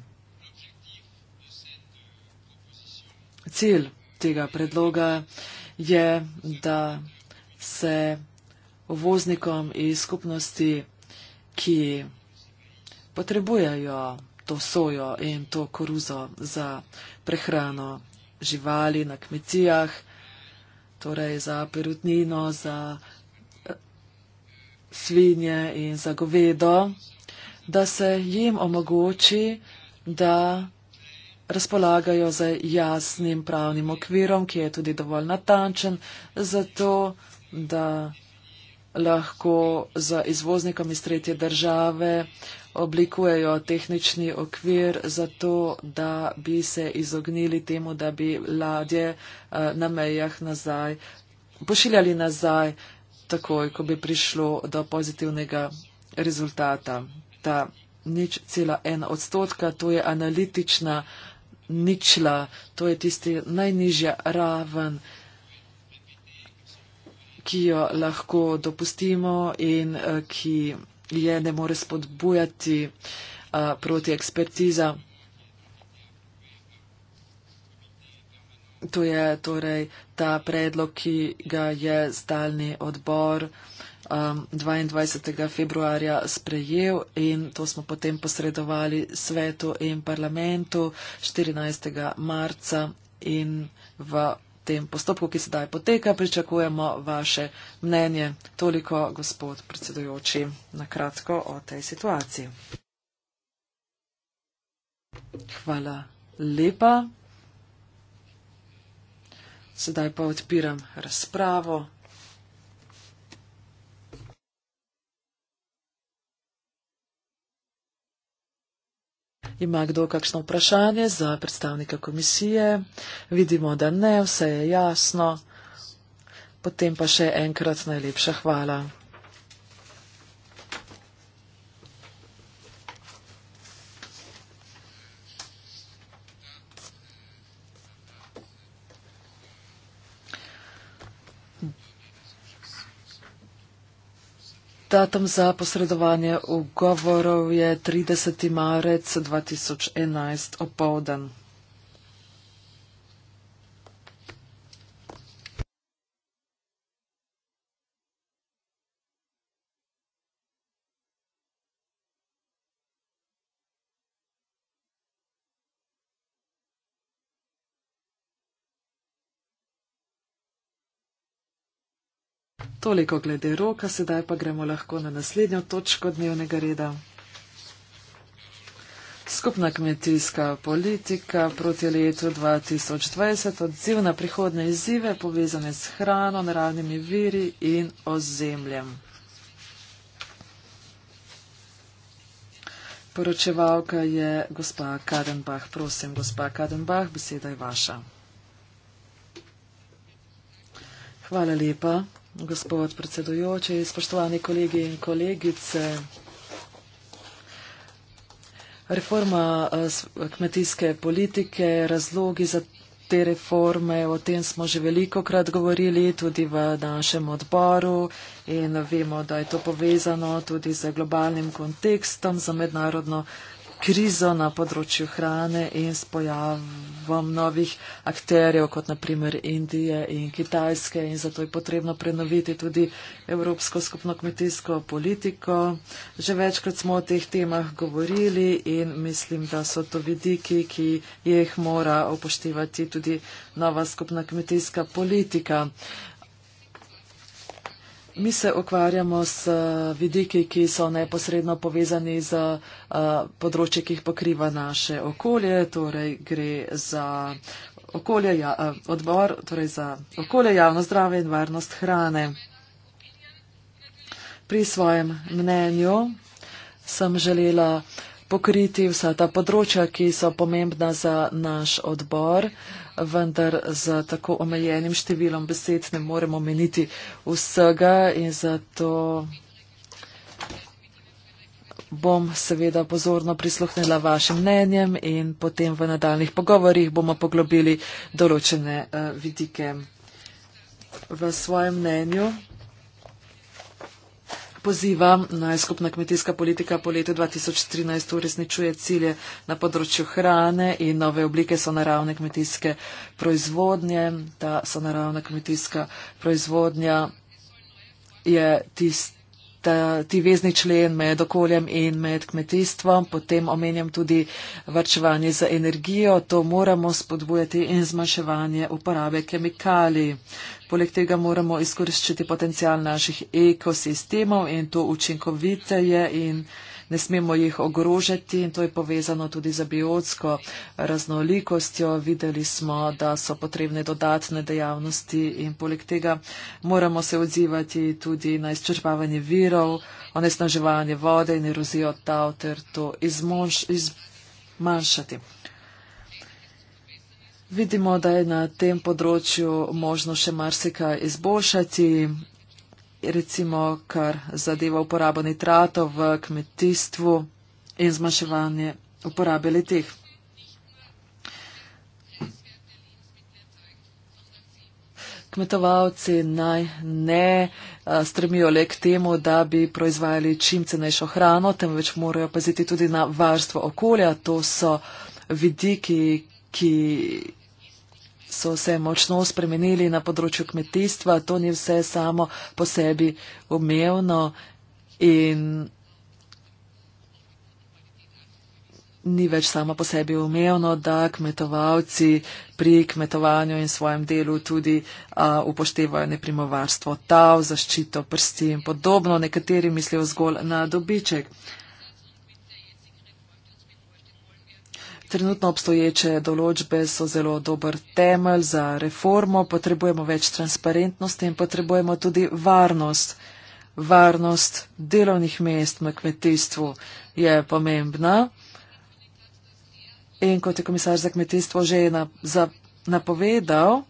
Cilj tega predloga je, da se uvoznikom iz skupnosti, ki potrebujejo to sojo in to koruzo za prehrano živali na kmetijah, torej za perutnino, za eh, svinje in za govedo, da se jim omogoči, da razpolagajo z jasnim pravnim okvirom, ki je tudi dovolj natančen, zato da lahko z izvoznikom iz tretje države oblikujejo tehnični okvir za to, da bi se izognili temu, da bi ladje eh, na mejah nazaj pošiljali nazaj takoj, ko bi prišlo do pozitivnega rezultata. Ta nič cela en odstotka, to je analitična ničla, to je tisti najnižja raven, ki jo lahko dopustimo in eh, ki je, ne more spodbujati a, proti ekspertiza. To je torej ta predlog, ki ga je stalni odbor um, 22. februarja sprejel in to smo potem posredovali svetu in parlamentu 14. marca in v tem postopku, ki sedaj poteka, pričakujemo vaše mnenje. Toliko, gospod predsedujoči, na kratko o tej situaciji. Hvala lepa. Sedaj pa odpiram razpravo. Ima kdo kakšno vprašanje za predstavnika komisije? Vidimo, da ne, vse je jasno. Potem pa še enkrat najlepša hvala. datum za posredovanje ugovorov je 30. marec 2011 opoldan. Toliko glede roka, sedaj pa gremo lahko na naslednjo točko dnevnega reda. Skupna kmetijska politika proti letu 2020 odziv na prihodne izzive povezane s hrano, naravnimi viri in ozemljem. Poročevalka je gospa Kadenbach. Prosim, gospa Kadenbach, beseda je vaša. Hvala lepa gospod predsedujoči, spoštovani kolegi in kolegice. Reforma eh, kmetijske politike, razlogi za te reforme, o tem smo že veliko krat govorili tudi v našem odboru in vemo, da je to povezano tudi z globalnim kontekstom, z mednarodno krizo na področju hrane in s pojavom novih akterjev, kot naprimer Indije in Kitajske. In zato je potrebno prenoviti tudi Evropsko skupno kmetijsko politiko. Že večkrat smo o teh temah govorili in mislim, da so to vidiki, ki jih mora upoštevati tudi nova skupna kmetijska politika. Uh, Mi se ukvarjamo s eh, vidiki, ki so neposredno povezani z eh, področji, ki jih pokriva naše okolje, torej gre za okolje, ja, eh, odbor, torej za okolje, javno zdrave in varnost hrane. Pri svojem mnenju sem želela pokriti vsa ta področja, ki so pomembna za naš odbor. Uh, vendar z tako omejenim številom besed ne moremo meniti vsega in zato bom seveda pozorno prisluhnila vašim mnenjem in potem v nadaljnih pogovorjih bomo poglobili določene eh, vidike. V svojem mnenju poziva naj skupna kmetijska politika po letu 2013 uresničuje cilje na področju hrane in nove oblike so naravne kmetijske proizvodnje. Ta so naravna kmetijska proizvodnja je tista ta, ti vezni člen med okoljem in med kmetijstvom. Potem omenjam tudi vrčevanje za energijo. To moramo spodbujati in zmanjševanje uporabe kemikalij. Poleg tega moramo izkoriščiti potencial naših ekosistemov in to učinkoviteje in učinkoviteje ne smemo jih ogrožati in to je povezano tudi z biotsko raznolikostjo. Videli smo, da so potrebne dodatne dejavnosti in poleg tega moramo se odzivati tudi na izčrpavanje virov, onesnaževanje vode in erozijo tal ter to izmonš, izmanjšati. Vidimo, da je na tem področju možno še marsika izboljšati recimo kar zadeva uporabo nitratov v kmetijstvu in zmanjševanje uporabe letih. Kmetovalci naj ne stremijo le k temu, da bi proizvajali čim cenejšo hrano, temveč morajo paziti tudi na varstvo okolja. To so vidiki, ki so se močno spremenili na področju kmetijstva. To ni vse samo po sebi umevno in ni več samo po sebi umevno, da kmetovalci pri kmetovanju in svojem delu tudi a, upoštevajo neprimovarstvo tav, zaščito prsti in podobno. Nekateri mislijo zgolj na dobiček. Trenutno obstoječe določbe so zelo dober temelj za reformo, potrebujemo več transparentnosti in potrebujemo tudi varnost. Varnost delovnih mest na kmetijstvu je pomembna in kot je komisar za kmetijstvo že napovedal,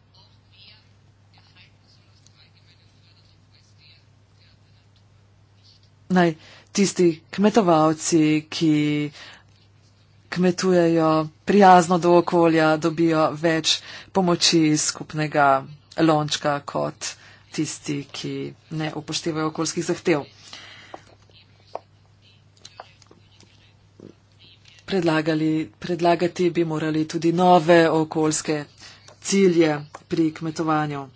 naj tisti kmetovalci, ki kmetujejo prijazno do okolja, dobijo več pomoči skupnega lončka kot tisti, ki ne upoštevajo okoljskih zahtev. Predlagali, predlagati bi morali tudi nove okoljske cilje pri kmetovanju.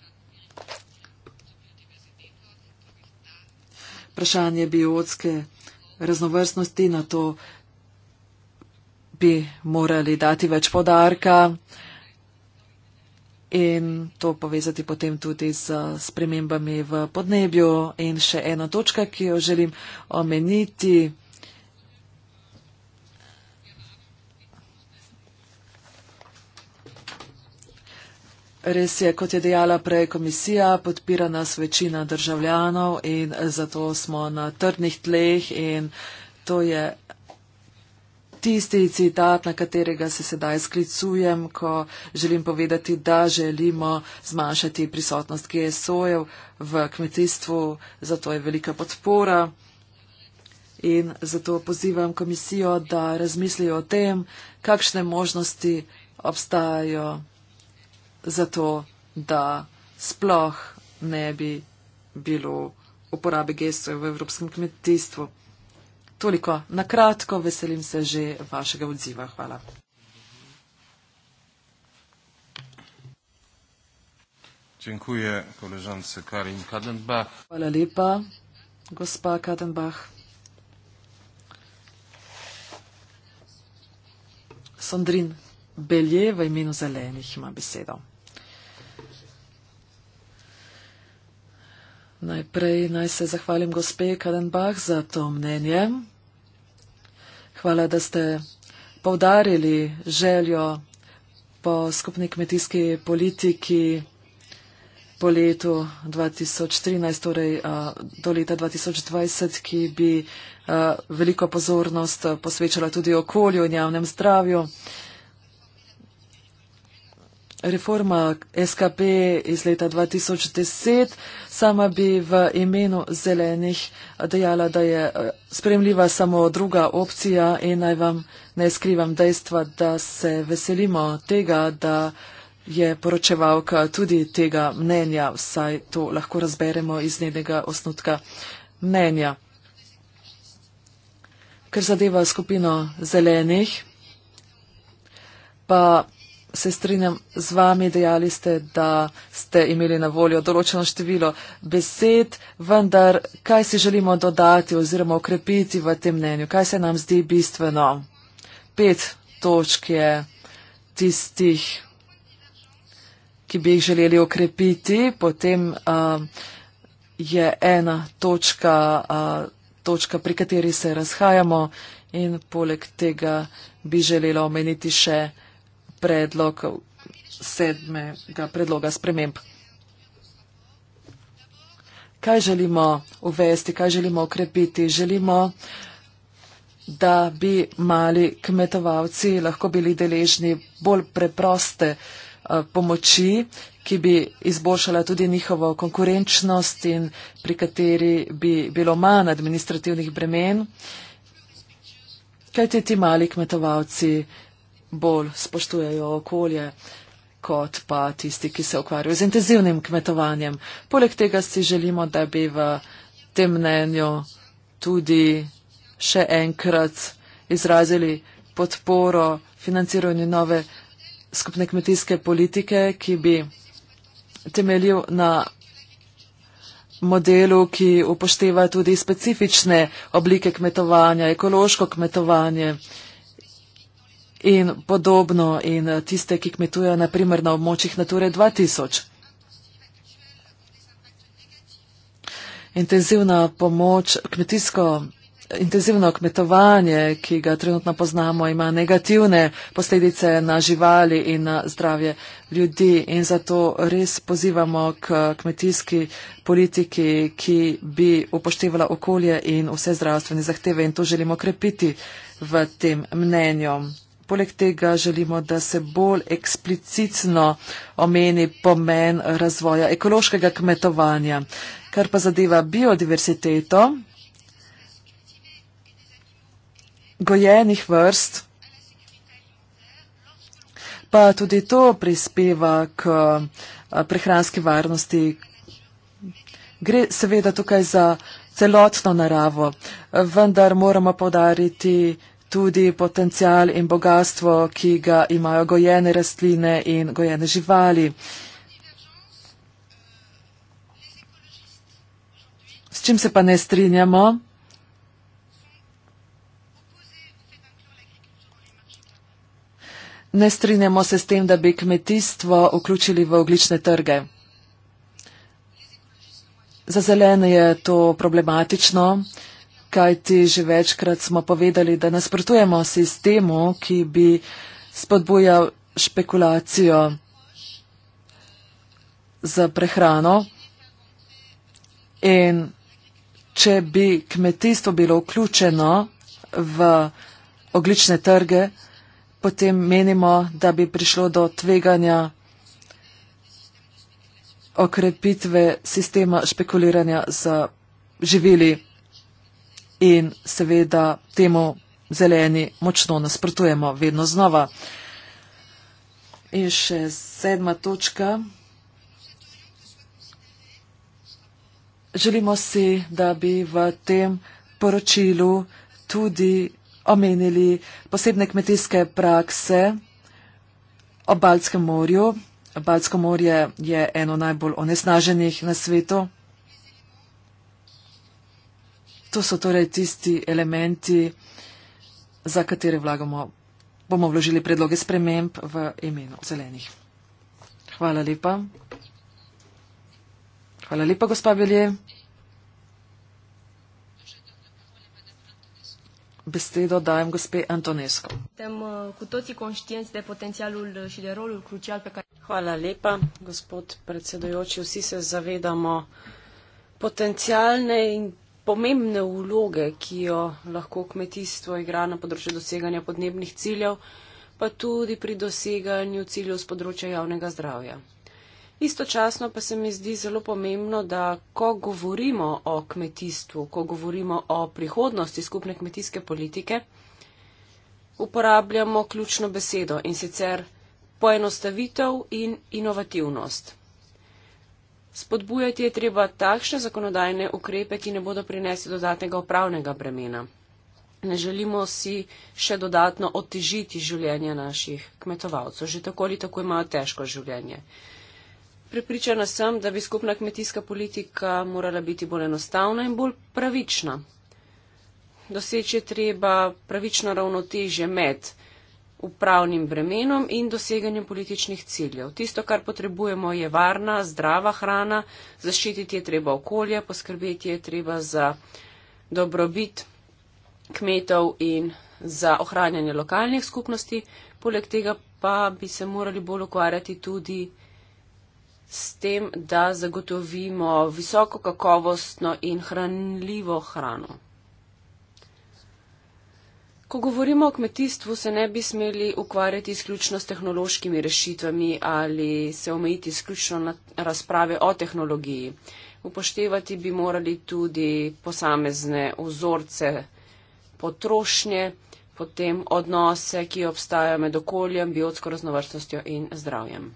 Vprašanje biotske raznovrstnosti na to bi morali dati več podarka in to povezati potem tudi z spremembami v podnebju. In še ena točka, ki jo želim omeniti. Res je, kot je dejala prej komisija, podpira nas večina državljanov in zato smo na trdnih tleh in to je tisti citat, na katerega se sedaj sklicujem, ko želim povedati, da želimo zmanjšati prisotnost GSO-jev v kmetijstvu, zato je velika podpora. In zato pozivam komisijo, da razmislijo o tem, kakšne možnosti obstajajo za to, da sploh ne bi bilo uporabe gestov v evropskem kmetijstvu toliko na kratko, veselim se že vašega odziva. Hvala. Dziękuję koleżance Karin Kadenbach. Hvala lepa, gospa Kadenbach. Sandrin Belje v imenu zelenih ima besedo. Najprej naj se zahvalim gospe Kadenbach za to mnenje. Hvala, da ste povdarili željo po skupni kmetijski politiki po letu 2013, torej do leta 2020, ki bi veliko pozornost posvečala tudi okolju in javnem zdravju reforma SKP iz leta 2010. Sama bi v imenu zelenih dejala, da je eh, spremljiva samo druga opcija in naj vam ne skrivam dejstva, da se veselimo tega, da je poročevalka tudi tega mnenja, vsaj to lahko razberemo iz njenega osnutka mnenja. Ker zadeva skupino zelenih, pa se strinjam z vami, dejali ste, da ste imeli na voljo določeno število besed, vendar kaj si želimo dodati oziroma okrepiti v tem mnenju, kaj se nam zdi bistveno. Pet točk je tistih, ki bi jih želeli okrepiti, potem uh, je ena točka, uh, točka, pri kateri se razhajamo in poleg tega bi želela omeniti še predlog sedmega predloga sprememb. Kaj želimo uvesti, kaj želimo okrepiti? Želimo, da bi mali kmetovalci lahko bili deležni bolj preproste eh, pomoči, ki bi izboljšala tudi njihovo konkurenčnost in pri kateri bi bilo manj administrativnih bremen. Kaj ti ti mali kmetovalci bolj spoštujejo okolje kot pa tisti, ki se ukvarjajo z intenzivnim kmetovanjem. Poleg tega si želimo, da bi v tem mnenju tudi še enkrat izrazili podporo financiranju nove skupne kmetijske politike, ki bi temeljil na modelu, ki upošteva tudi specifične oblike kmetovanja, ekološko kmetovanje in podobno in eh, tiste, ki kmetujejo naprimer na območjih Nature 2000. Intenzivna pomoč, kmetijsko, intenzivno kmetovanje, ki ga trenutno poznamo, ima negativne posledice na živali in na zdravje ljudi in zato res pozivamo k kmetijski politiki, ki bi upoštevala okolje in vse zdravstvene zahteve in to želimo krepiti v tem mnenju. Poleg tega želimo, da se bolj eksplicitno omeni pomen razvoja ekološkega kmetovanja. Kar pa zadeva biodiversiteto gojenih vrst, pa tudi to prispeva k prehranski varnosti. Gre seveda tukaj za celotno naravo, vendar moramo povdariti, tudi potencial in bogatstvo, ki ga imajo gojene rastline in gojene živali. S čim se pa ne strinjamo? Ne strinjamo se s tem, da bi kmetijstvo vključili v oglične trge. Za zelene je to problematično kajti že večkrat smo povedali, da nasprotujemo sistemu, ki bi spodbujal špekulacijo za prehrano. In če bi kmetijstvo bilo vključeno v oglične trge, potem menimo, da bi prišlo do tveganja okrepitve sistema špekuliranja za živili in seveda temu zeleni močno nasprotujemo vedno znova. In še sedma točka. Želimo si, da bi v tem poročilu tudi omenili posebne kmetijske prakse o Balskem morju. Balsko morje je eno najbolj onesnaženih na svetu. To so torej tisti elementi, za katere vlagamo, bomo vložili predloge sprememb v imenu zelenih. Hvala lepa. Hvala lepa, gospa Belje. Besedo dajem gospe Antonesko. Uh, uh, Hvala lepa, gospod predsedojoči. Vsi se zavedamo potencialne in pomembne vloge, ki jo lahko kmetijstvo igra na področju doseganja podnebnih ciljev, pa tudi pri doseganju ciljev z področja javnega zdravja. Istočasno pa se mi zdi zelo pomembno, da ko govorimo o kmetijstvu, ko govorimo o prihodnosti skupne kmetijske politike, uporabljamo ključno besedo in sicer poenostavitev in inovativnost. Spodbujati je treba takšne zakonodajne ukrepe, ki ne bodo prinesli dodatnega upravnega bremena. Ne želimo si še dodatno otežiti življenje naših kmetovalcev, že tako ali tako imajo težko življenje. Pripričana sem, da bi skupna kmetijska politika morala biti bolj enostavna in bolj pravična. Doseči je treba pravično ravnotežje med upravnim bremenom in doseganjem političnih ciljev. Tisto, kar potrebujemo, je varna, zdrava hrana, zaščititi je treba okolje, poskrbeti je treba za dobrobit kmetov in za ohranjanje lokalnih skupnosti. Poleg tega pa bi se morali bolj ukvarjati tudi s tem, da zagotovimo visoko kakovostno in hranljivo hrano. Ko govorimo o kmetijstvu, se ne bi smeli ukvarjati izključno s tehnološkimi rešitvami ali se omejiti izključno na razprave o tehnologiji. Upoštevati bi morali tudi posamezne vzorce potrošnje, potem odnose, ki obstajajo med okoljem, biotsko raznovrstnostjo in zdravjem.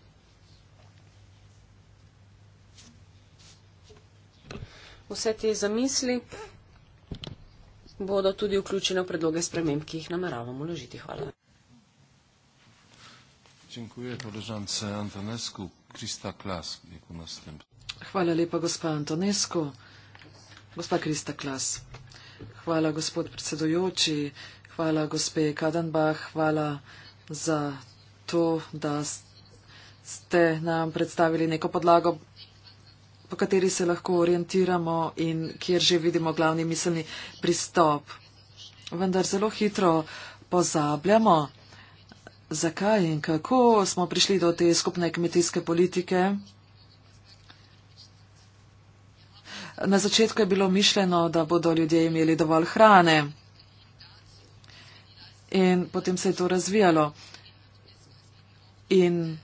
Vse te zamisli bodo tudi vključene v predloge sprememb, ki jih nameravamo ložiti. Hvala. Hvala lepa, gospa Antonesko. Gospa Krista Klas. Hvala, gospod predsedojoči. Hvala, gospe Kadanbah. Hvala za to, da ste nam predstavili neko podlago po kateri se lahko orientiramo in kjer že vidimo glavni miselni pristop. Vendar zelo hitro pozabljamo, zakaj in kako smo prišli do te skupne kmetijske politike. Na začetku je bilo mišljeno, da bodo ljudje imeli dovolj hrane. In potem se je to razvijalo. In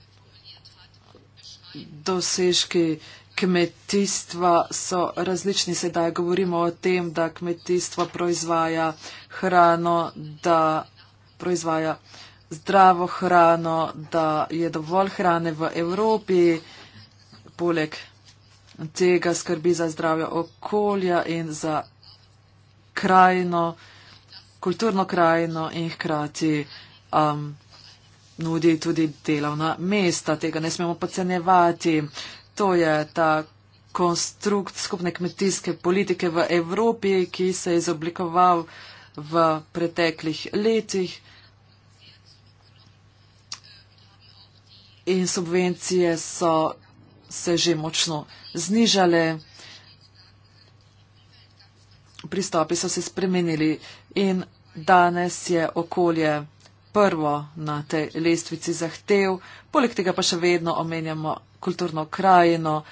dosežki uh, kmetijstva so različni. Sedaj govorimo o tem, da kmetijstvo proizvaja hrano, da proizvaja zdravo hrano, da je dovolj hrane v Evropi, poleg tega skrbi za zdravje okolja in za krajino, kulturno krajino in hkrati. Um, nudi tudi delovna mesta, tega ne smemo pocenevati to je ta konstrukt skupne kmetijske politike v Evropi, ki se je izoblikoval v preteklih letih. In subvencije so se že močno znižale, pristopi so se spremenili in danes je okolje prvo na tej lestvici zahtev, poleg tega pa še vedno omenjamo kulturno krajino,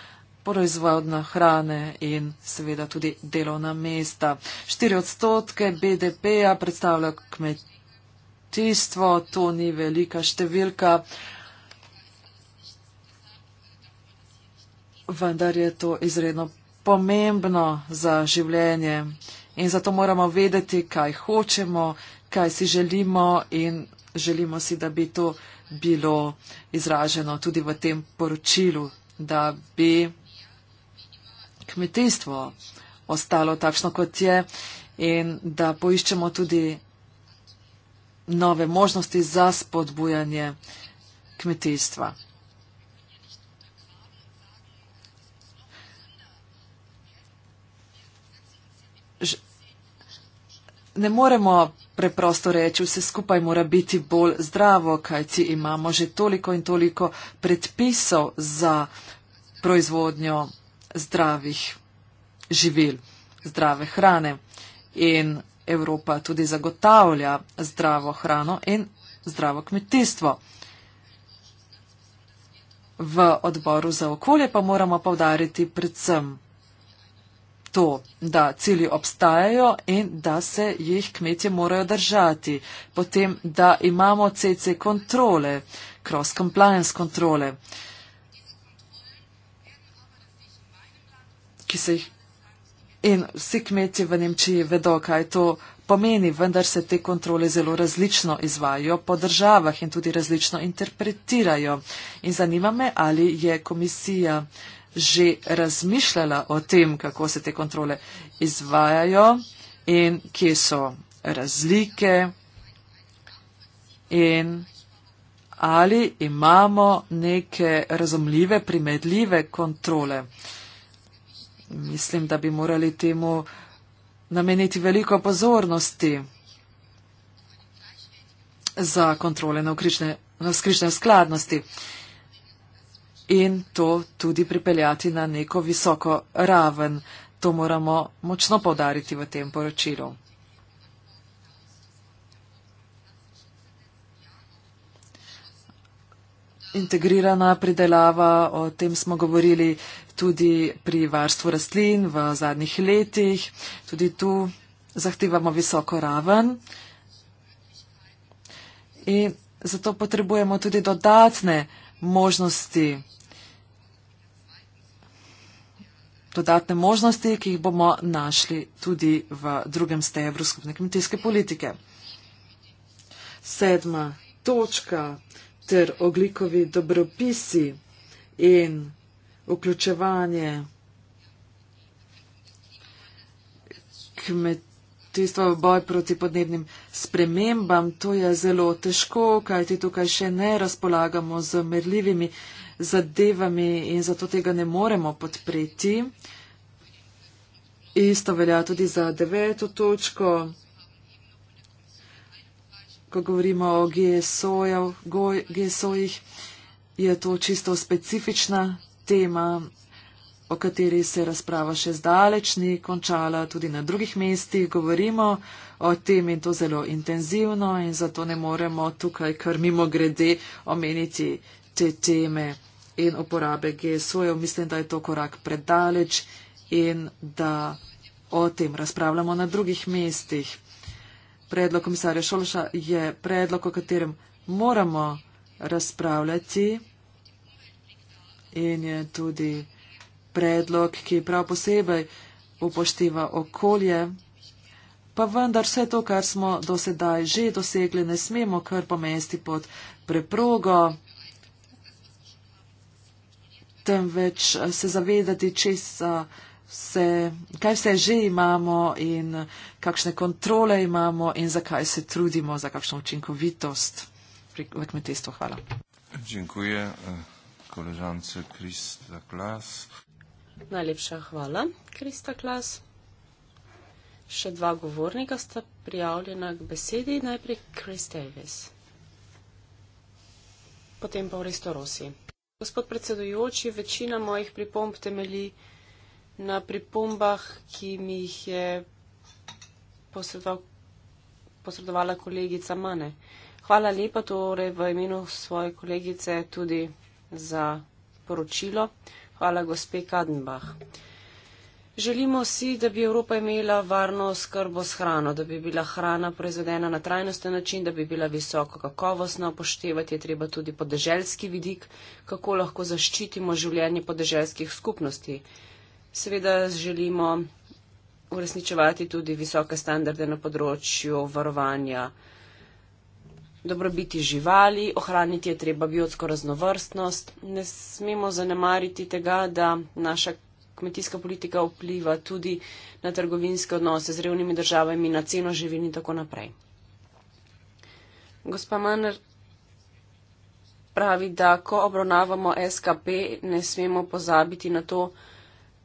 proizvodno hrane in seveda tudi delovna mesta. 4 odstotke BDP-ja predstavlja kmetijstvo, to ni velika številka. Vendar je to izredno pomembno za življenje in zato moramo vedeti, kaj hočemo, kaj si želimo in želimo si, da bi to bilo izraženo tudi v tem poročilu, da bi kmetijstvo ostalo takšno, kot je in da poiščemo tudi nove možnosti za spodbujanje kmetijstva. Ne moremo preprosto reči, vse skupaj mora biti bolj zdravo, kajci imamo že toliko in toliko predpisov za proizvodnjo zdravih živil, zdrave hrane. In Evropa tudi zagotavlja zdravo hrano in zdravo kmetijstvo. V odboru za okolje pa moramo povdariti predvsem to, da cilji obstajajo in da se jih kmetje morajo držati. Potem, da imamo CC kontrole, cross-compliance kontrole, ki se jih in vsi kmetje v Nemčiji vedo, kaj to pomeni, vendar se te kontrole zelo različno izvajo po državah in tudi različno interpretirajo. In zanima me, ali je komisija že razmišljala o tem, kako se te kontrole izvajajo in kje so razlike in ali imamo neke razumljive, primedljive kontrole. Mislim, da bi morali temu nameniti veliko pozornosti za kontrole na skrične skladnosti in to tudi pripeljati na neko visoko raven. To moramo močno povdariti v tem poročilu. Integrirana pridelava, o tem smo govorili tudi pri varstvu rastlin v zadnjih letih. Tudi tu zahtevamo visoko raven. In zato potrebujemo tudi dodatne možnosti dodatne možnosti, ki jih bomo našli tudi v drugem stebru skupne kmetijske politike. Sedma točka ter oglikovi dobropisi in vključevanje kmetijstva v boj proti podnebnim spremembam. To je zelo težko, kajti tukaj še ne razpolagamo z merljivimi zadevami in zato tega ne moremo podpreti. Isto velja tudi za deveto točko, ko govorimo o GSO-jih, je to čisto specifična tema, o kateri se razprava še zdaleč ni končala, tudi na drugih mestih govorimo o tem in to zelo intenzivno in zato ne moremo tukaj kar mimo grede omeniti te teme in uporabe GSO-jev. Mislim, da je to korak predaleč in da o tem razpravljamo na drugih mestih. Predlog komisarja Šolša je predlog, o katerem moramo razpravljati in je tudi predlog, ki prav posebej upošteva okolje. Pa vendar vse to, kar smo do sedaj že dosegli, ne smemo kar pomesti pod preprogo temveč eh, se zavedati, česa. Vse, kaj vse že imamo in kakšne kontrole imamo in zakaj se trudimo za kakšno učinkovitost pri, v kmetijstvu. Hvala. Dziękuję, eh, koležance Krista Klas. Najlepša hvala, Krista Klas. Še dva govornika sta prijavljena k besedi, najprej Krist Davis, potem pa Risto Rosi. Gospod predsedujoči, večina mojih pripomb temeli na pripombah, ki mi jih je posredovala kolegica Mane. Hvala lepa torej v imenu svoje kolegice tudi za poročilo. Hvala gospe Kadenbach. Želimo si, da bi Evropa imela varno skrbo s hrano, da bi bila hrana proizvedena na trajnosten način, da bi bila visoko kakovostna. Poštevati je treba tudi podeželski vidik, kako lahko zaščitimo življenje podeželskih skupnosti. Seveda želimo uresničevati tudi visoke standarde na področju varovanja dobrobiti živali, ohraniti je treba biotsko raznovrstnost. Ne smemo zanemariti tega, da naša kmetijska politika vpliva tudi na trgovinske odnose z revnimi državami, na ceno živil in tako naprej. Gospa Manner pravi, da ko obravnavamo SKP, ne smemo pozabiti na to,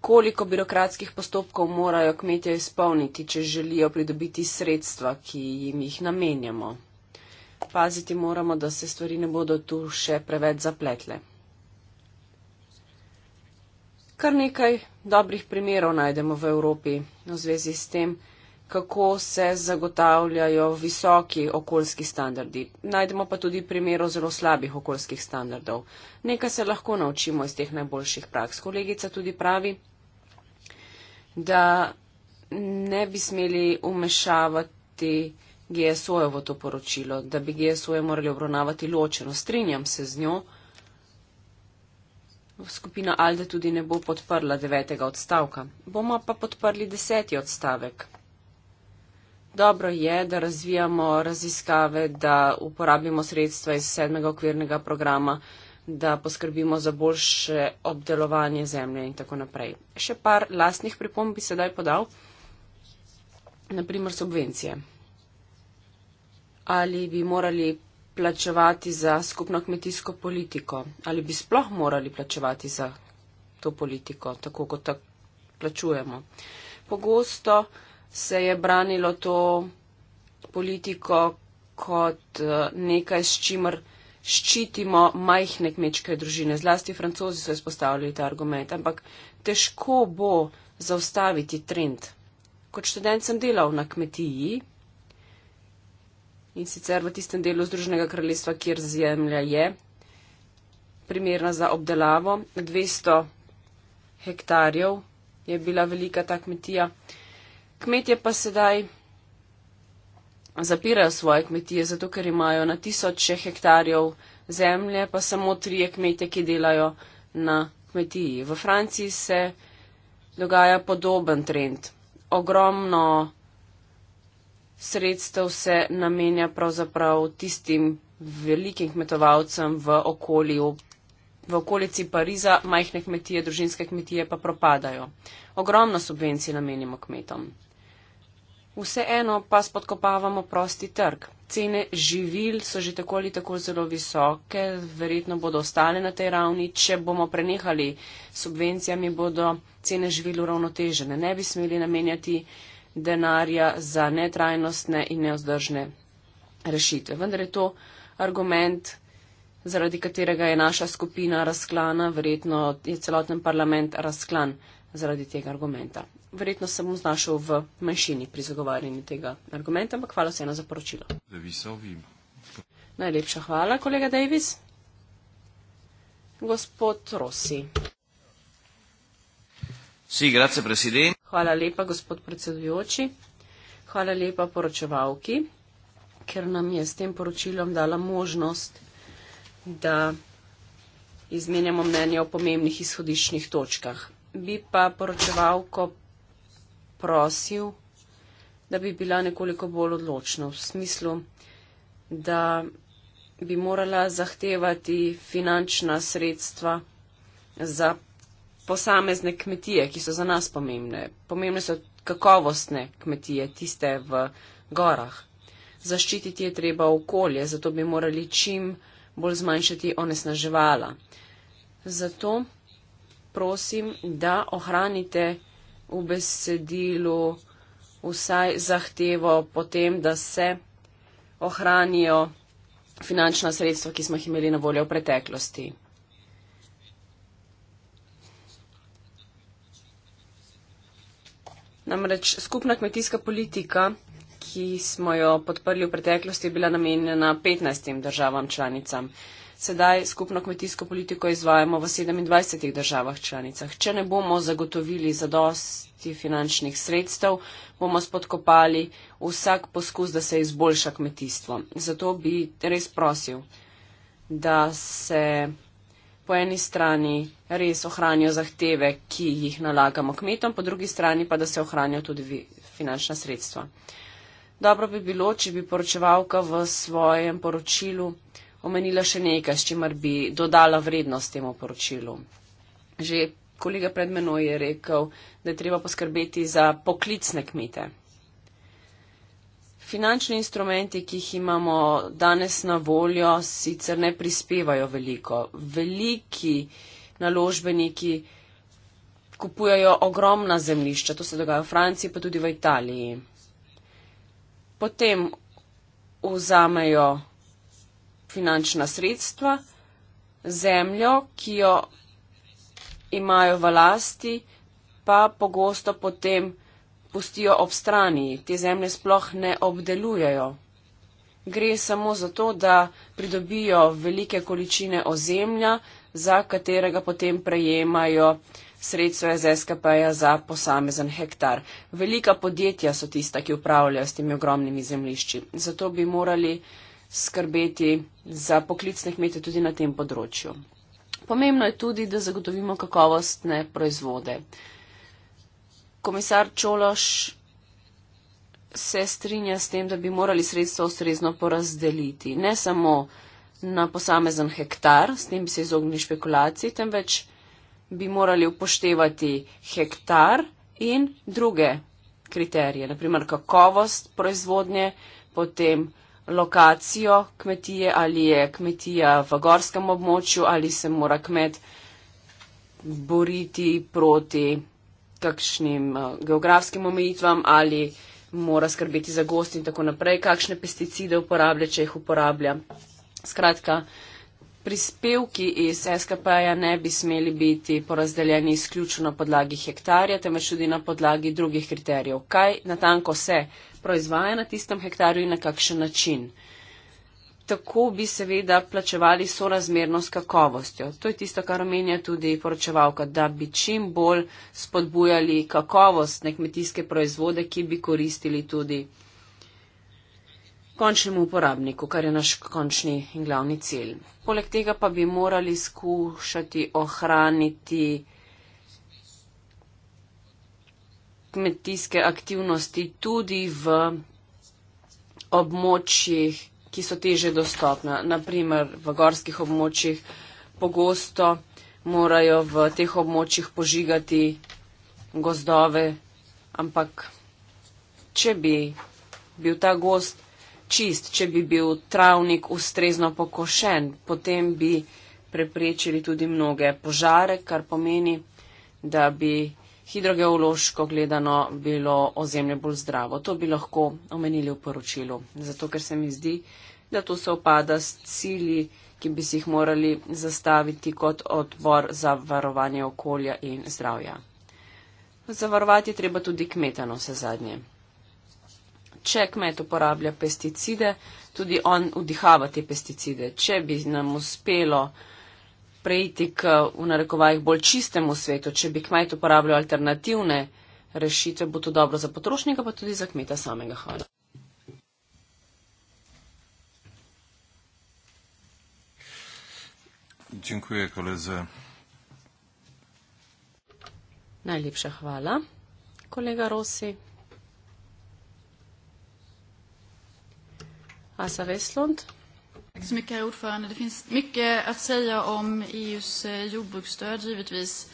koliko birokratskih postopkov morajo kmetje izpolniti, če želijo pridobiti sredstva, ki jim jih namenjamo. Paziti moramo, da se stvari ne bodo tu še preveč zapletle. Kar nekaj dobrih primerov najdemo v Evropi v zvezi s tem, kako se zagotavljajo visoki okoljski standardi. Najdemo pa tudi primerov zelo slabih okoljskih standardov. Nekaj se lahko naučimo iz teh najboljših praks. Kolegica tudi pravi, da ne bi smeli umešavati GSO-jo v to poročilo, da bi GSO-jo morali obravnavati ločeno. Strinjam se z njo skupina Alde tudi ne bo podprla devetega odstavka. Bomo pa podprli deseti odstavek. Dobro je, da razvijamo raziskave, da uporabimo sredstva iz sedmega okvirnega programa, da poskrbimo za boljše obdelovanje zemlje in tako naprej. Še par lastnih pripomb bi sedaj podal, naprimer subvencije. Ali bi morali plačevati za skupno kmetijsko politiko? Ali bi sploh morali plačevati za to politiko, tako kot tak plačujemo? Pogosto se je branilo to politiko kot eh, nekaj, s čimer ščitimo majhne kmečke družine. Zlasti francozi so izpostavili ta argument, ampak težko bo zaustaviti trend. Kot študent sem delal na kmetiji, in sicer v tistem delu Združenega kraljestva, kjer zemlja je primerna za obdelavo. 200 hektarjev je bila velika ta kmetija. Kmetje pa sedaj zapirajo svoje kmetije, zato ker imajo na tisoče hektarjev zemlje, pa samo trije kmetje, ki delajo na kmetiji. V Franciji se dogaja podoben trend. Ogromno sredstev se namenja pravzaprav tistim velikim kmetovalcem v okolju. V okolici Pariza majhne kmetije, družinske kmetije pa propadajo. Ogromno subvencij namenimo kmetom. Vseeno pa spodkopavamo prosti trg. Cene živil so že tako ali tako zelo visoke, verjetno bodo ostale na tej ravni. Če bomo prenehali subvencijami, bodo cene živil uravnotežene. Ne bi smeli namenjati denarja za netrajnostne in neozdržne rešitve. Vendar je to argument, zaradi katerega je naša skupina razklana, verjetno je celoten parlament razklan zaradi tega argumenta. Verjetno sem mu znašel v manjšini pri zagovarjanju tega argumenta, ampak hvala vseeno za poročilo. Najlepša hvala, kolega Davis. Gospod Rossi. Sì, grazie Presidente. Hvala lepa, gospod predsedujoči. Hvala lepa poročevalki, ker nam je s tem poročilom dala možnost, da izmenjamo mnenje o pomembnih izhodiščnih točkah. Bi pa poročevalko prosil, da bi bila nekoliko bolj odločna v smislu, da bi morala zahtevati finančna sredstva za posamezne kmetije, ki so za nas pomembne. Pomembne so kakovostne kmetije, tiste v gorah. Zaščititi je treba okolje, zato bi morali čim bolj zmanjšati onesnaževala. Zato prosim, da ohranite v besedilu vsaj zahtevo potem, da se ohranijo finančna sredstva, ki smo jih imeli na voljo v preteklosti. Namreč skupna kmetijska politika, ki smo jo podprli v preteklosti, je bila namenjena 15 državam članicam. Sedaj skupno kmetijsko politiko izvajamo v 27 državah članicah. Če ne bomo zagotovili zadosti finančnih sredstev, bomo spodkopali vsak poskus, da se izboljša kmetijstvo. Zato bi res prosil, da se po eni strani res ohranijo zahteve, ki jih nalagamo kmetom, po drugi strani pa, da se ohranijo tudi finančna sredstva. Dobro bi bilo, če bi poročevalka v svojem poročilu omenila še nekaj, s čimer bi dodala vrednost temu poročilu. Že kolega pred menoj je rekel, da je treba poskrbeti za poklicne kmete. Finančni instrumenti, ki jih imamo danes na voljo, sicer ne prispevajo veliko. Veliki naložbeniki kupujajo ogromna zemljišča, to se dogaja v Franciji, pa tudi v Italiji. Potem vzamejo finančna sredstva, zemljo, ki jo imajo v lasti, pa pogosto potem pustijo ob strani, te zemlje sploh ne obdelujejo. Gre samo za to, da pridobijo velike količine ozemlja, za katerega potem prejemajo sredstvo iz SKP-ja za posamezen hektar. Velika podjetja so tista, ki upravljajo s temi ogromnimi zemljišči. Zato bi morali skrbeti za poklicne kmete tudi na tem področju. Pomembno je tudi, da zagotovimo kakovostne proizvode komisar Čološ se strinja s tem, da bi morali sredstva ustrezno porazdeliti. Ne samo na posamezen hektar, s tem bi se izognili špekulaciji, temveč bi morali upoštevati hektar in druge kriterije, naprimer kakovost proizvodnje, potem lokacijo kmetije, ali je kmetija v gorskem območju, ali se mora kmet boriti proti kakšnim uh, geografskim omejitvam ali mora skrbeti za gost in tako naprej, kakšne pesticide uporablja, če jih uporablja. Skratka, prispevki iz SKP-ja ne bi smeli biti porazdeljeni izključno na podlagi hektarja, temveč tudi na podlagi drugih kriterijev. Kaj natanko se proizvaja na tistem hektarju in na kakšen način? Uh, tako bi seveda plačevali sorazmerno s kakovostjo. To je tisto, kar omenja tudi poročevalka, da bi čim bolj spodbujali kakovostne kmetijske proizvode, ki bi koristili tudi končnemu uporabniku, kar je naš končni in glavni cilj. Poleg tega pa bi morali skušati ohraniti kmetijske aktivnosti tudi v območjih, ki so teže dostopna. Naprimer, v gorskih območjih pogosto morajo v teh območjih požigati gozdove, ampak če bi bil ta gost čist, če bi bil travnik ustrezno pokošen, potem bi preprečili tudi mnoge požare, kar pomeni, da bi hidrogeološko gledano bilo ozemlje bolj zdravo. To bi lahko omenili v poročilu, zato ker se mi zdi, da to se opada s cili, ki bi si jih morali zastaviti kot odbor za varovanje okolja in zdravja. Zavarovati je treba tudi kmetano vse zadnje. Če kmet uporablja pesticide, tudi on vdihava te pesticide. Če bi nam uspelo, preiti k v narekovajih bolj čistemu svetu, če bi kmet uporabljal alternativne rešitve, bo to dobro za potrošnika, pa tudi za kmeta samega. Hvala. Dziękuję koledze. Najlepsza chwała, kolega Rossi. Asa Westlund. Tack så mycket, herr ordförande. Det finns mycket att säga om EUs eh, jordbruksstöd, givetvis.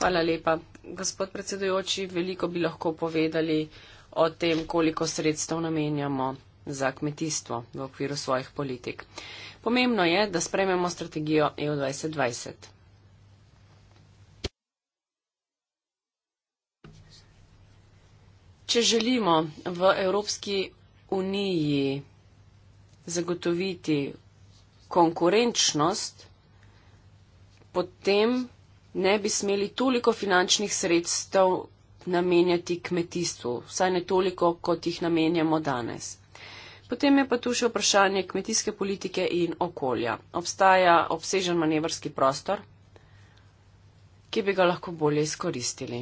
Hvala lepa. Gospod predsedujoči, veliko bi lahko povedali o tem, koliko sredstev namenjamo za kmetijstvo v okviru svojih politik. Pomembno je, da sprememo strategijo EU 2020. Če želimo v Evropski uniji zagotoviti konkurenčnost, potem ne bi smeli toliko finančnih sredstev namenjati kmetijstvu, vsaj ne toliko, kot jih namenjamo danes. Potem je pa tu še vprašanje kmetijske politike in okolja. Obstaja obsežen manevrski prostor, ki bi ga lahko bolje izkoristili.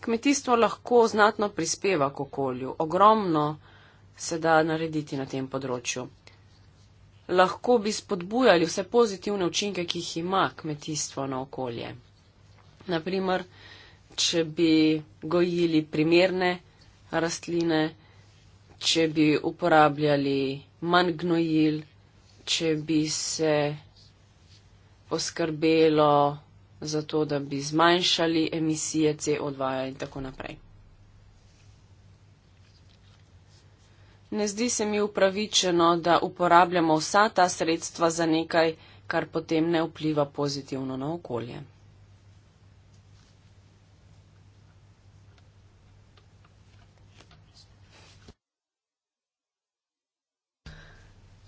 Kmetijstvo lahko znatno prispeva k okolju, ogromno se da narediti na tem področju. Lahko bi spodbujali vse pozitivne učinke, ki jih ima kmetijstvo na okolje. Naprimer, če bi gojili primerne rastline, če bi uporabljali manj gnojil, če bi se poskrbelo za to, da bi zmanjšali emisije CO2 in tako naprej. Ne zdi se mi upravičeno, da uporabljamo vsa ta sredstva za nekaj, kar potem ne vpliva pozitivno na okolje.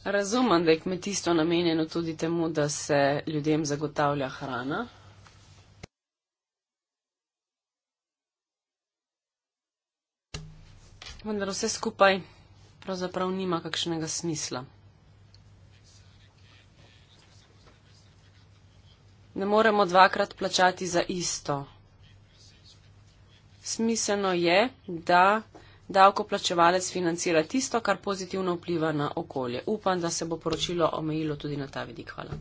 Razumem, da je kmetijstvo namenjeno tudi temu, da se ljudem zagotavlja hrana. Vendar vse skupaj pravzaprav nima kakšnega smisla. Ne moremo dvakrat plačati za isto. Smiselno je, da davkoplačevalec financira tisto, kar pozitivno vpliva na okolje. Upam, da se bo poročilo omejilo tudi na ta vidik. Hvala.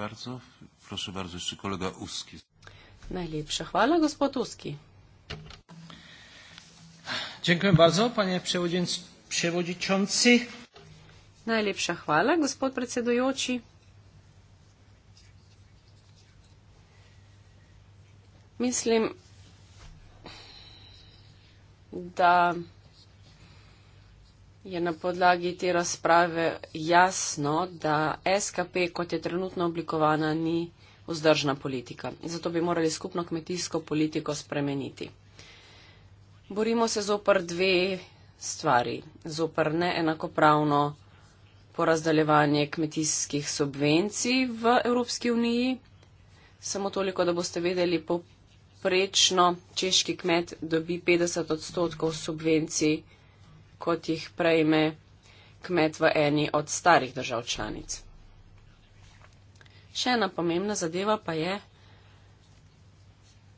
Bardzo. Bardzo, Najlepša hvala, gospod Uski. Dziękuję bardzo, panie przewodniczący. Najlepsza chwała, gospod predsedujący. Myślę, że je na podlagi te razprave jasno, da SKP, kot je trenutno oblikovana, ni vzdržna politika. Zato bi morali skupno kmetijsko politiko spremeniti borimo se zopr dve stvari. Zopr neenakopravno porazdaljevanje kmetijskih subvencij v Evropski uniji. Samo toliko, da boste vedeli, poprečno češki kmet dobi 50 odstotkov subvencij, kot jih prejme kmet v eni od starih držav članic. Še ena pomembna zadeva pa je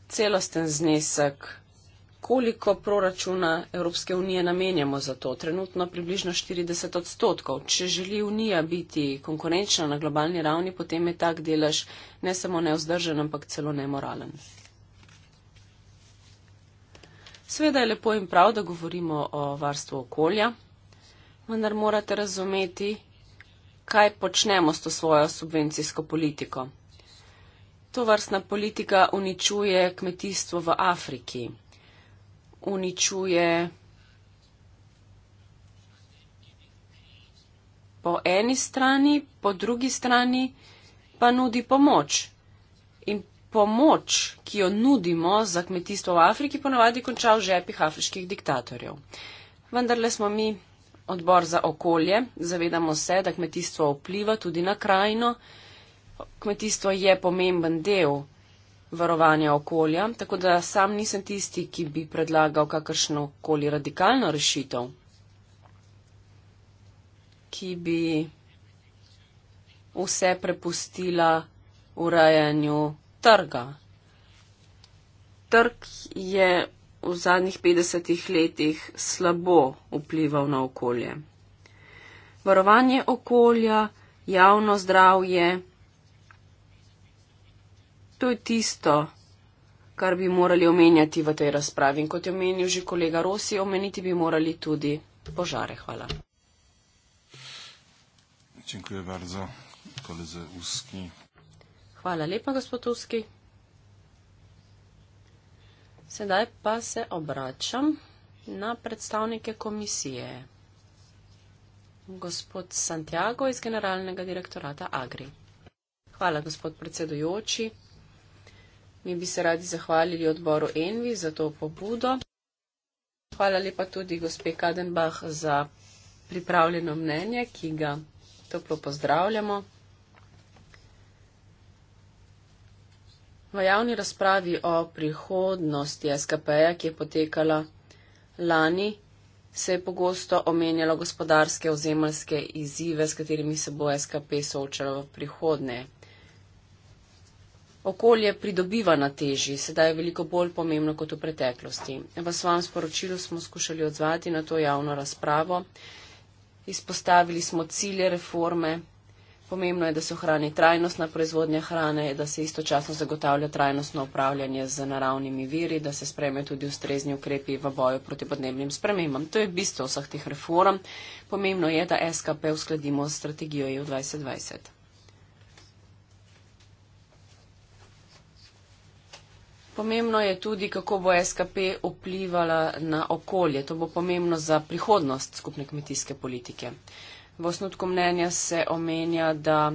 celosten znesek koliko proračuna Evropske unije namenjamo za to. Trenutno približno 40 odstotkov. Če želi Unija biti konkurenčna na globalni ravni, potem je tak delež ne samo neozdržen, ampak celo nemoralen. Sveda je lepo in prav, da govorimo o varstvu okolja, vendar morate razumeti, kaj počnemo s to svojo subvencijsko politiko. To vrstna politika uničuje kmetijstvo v Afriki uničuje po eni strani, po drugi strani pa nudi pomoč. In pomoč, ki jo nudimo za kmetijstvo v Afriki, ponavadi konča v žepih afriških diktatorjev. Vendar le smo mi odbor za okolje, zavedamo se, da kmetijstvo vpliva tudi na krajino. Kmetijstvo je pomemben del varovanja okolja, tako da sam nisem tisti, ki bi predlagal kakršno koli radikalno rešitev, ki bi vse prepustila urejanju trga. Trg je v zadnjih 50 letih slabo vplival na okolje. Varovanje okolja, javno zdravje, to je tisto, kar bi morali omenjati v tej razpravi. In kot je omenil že kolega Rosi, omeniti bi morali tudi požare. Hvala. Hvala lepa, gospod Uski. Sedaj pa se obračam na predstavnike komisije. Gospod Santiago iz Generalnega direktorata Agri. Hvala, gospod predsedujoči. Mi bi se radi zahvalili odboru Envi za to pobudo. Hvala lepa tudi gospe Kadenbach za pripravljeno mnenje, ki ga toplo pozdravljamo. V javni razpravi o prihodnosti SKP-ja, ki je potekala lani, se je pogosto omenjalo gospodarske ozemalske izzive, s katerimi se bo SKP soočalo v prihodnje Okolje pridobiva na teži, sedaj je veliko bolj pomembno kot v preteklosti. V svojem sporočilu smo skušali odzvati na to javno razpravo, izpostavili smo cilje reforme, pomembno je, da se ohrani trajnostna proizvodnja hrane, da se istočasno zagotavlja trajnostno upravljanje z naravnimi viri, da se spreme tudi ustrezni ukrepi v boju proti podnebnim spremembam. To je bistvo vseh teh reform. Pomembno je, da SKP uskladimo s strategijo EU 2020. Pomembno je tudi, kako bo SKP vplivala na okolje. To bo pomembno za prihodnost skupne kmetijske politike. V osnutku mnenja se omenja, da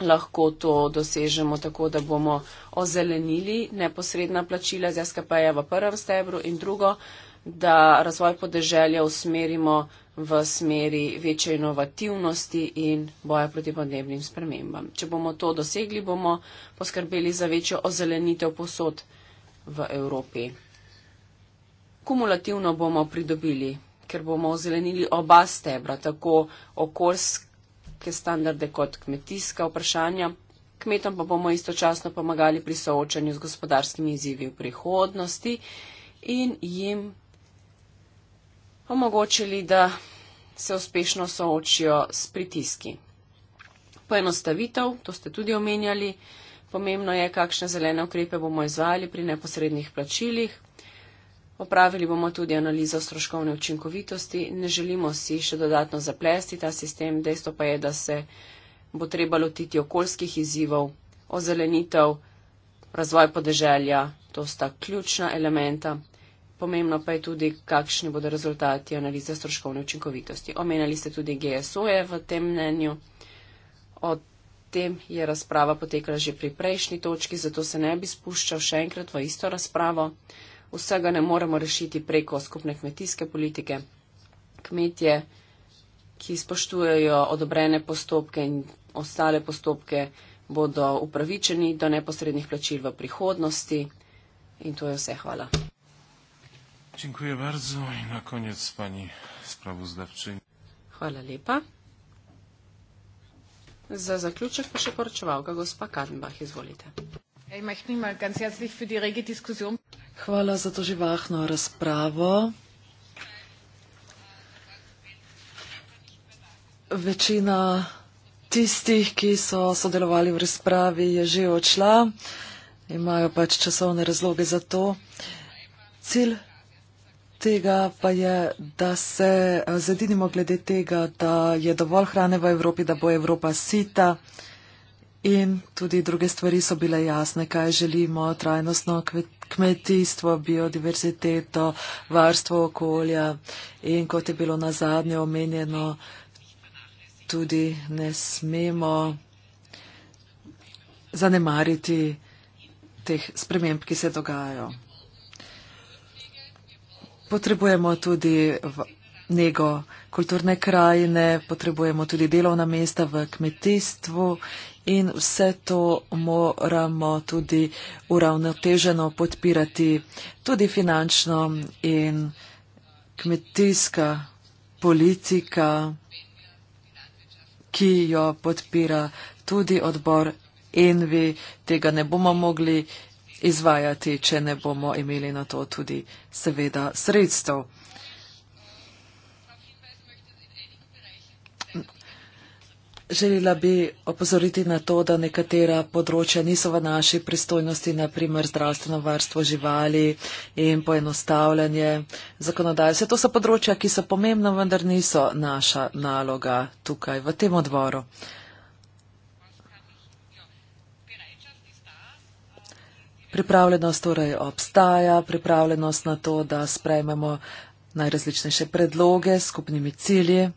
lahko to dosežemo tako, da bomo ozelenili neposredna plačila z SKP-ja v prvem stebru in drugo, da razvoj podeželja usmerimo v smeri večje inovativnosti in boja proti podnebnim spremembam. Če bomo to dosegli, bomo poskrbeli za večjo ozelenitev posod v Evropi. Kumulativno bomo pridobili, ker bomo ozelenili oba stebra, tako okoljske standarde kot kmetijska vprašanja. Kmetom pa bomo istočasno pomagali pri soočanju z gospodarskimi izzivi v prihodnosti in jim omogočili, da se uspešno soočijo s pritiski. Poenostavitev, to ste tudi omenjali, Pomembno je, kakšne zelene ukrepe bomo izvajali pri neposrednih plačilih. Opravili bomo tudi analizo stroškovne učinkovitosti. Ne želimo si še dodatno zaplesti ta sistem. Dejstvo pa je, da se bo treba lotiti okoljskih izzivov, ozelenitev, razvoj podeželja. To sta ključna elementa. Pomembno pa je tudi, kakšni bodo rezultati analize stroškovne učinkovitosti. Omenjali ste tudi GSO-je v tem mnenju. Od tem je razprava potekala že pri prejšnji točki, zato se ne bi spuščal še enkrat v isto razpravo. Vsega ne moremo rešiti preko skupne kmetijske politike. Kmetje, ki spoštujejo odobrene postopke in ostale postopke, bodo upravičeni do neposrednih plačil v prihodnosti. In to je vse. Hvala. Hvala lepa. Za zaključek pa še poročevalka gospa Kadenbach, izvolite. Hvala za to živahno razpravo. Večina tistih, ki so sodelovali v razpravi, je že odšla, imajo pač časovne razloge za to. Cilj tega pa je, da se eh, zedinimo glede tega, da je dovolj hrane v Evropi, da bo Evropa sita. In tudi druge stvari so bile jasne, kaj želimo, trajnostno kmetijstvo, biodiverziteto, varstvo okolja in kot je bilo na zadnje omenjeno, tudi ne smemo zanemariti teh sprememb, ki se dogajajo. Potrebujemo tudi nego kulturne krajine, potrebujemo tudi delovna mesta v kmetijstvu in vse to moramo tudi uravnoteženo podpirati tudi finančno in kmetijska politika, ki jo podpira tudi odbor Envi. Tega ne bomo mogli izvajati, če ne bomo imeli na to tudi seveda sredstev. Želela bi opozoriti na to, da nekatera področja niso v naši pristojnosti, naprimer zdravstveno varstvo živali in poenostavljanje zakonodaje. Vse to so področja, ki so pomembna, vendar niso naša naloga tukaj v tem odboru. Pripravljenost torej obstaja, pripravljenost na to, da sprejmemo najrazličnejše predloge s skupnimi cilji.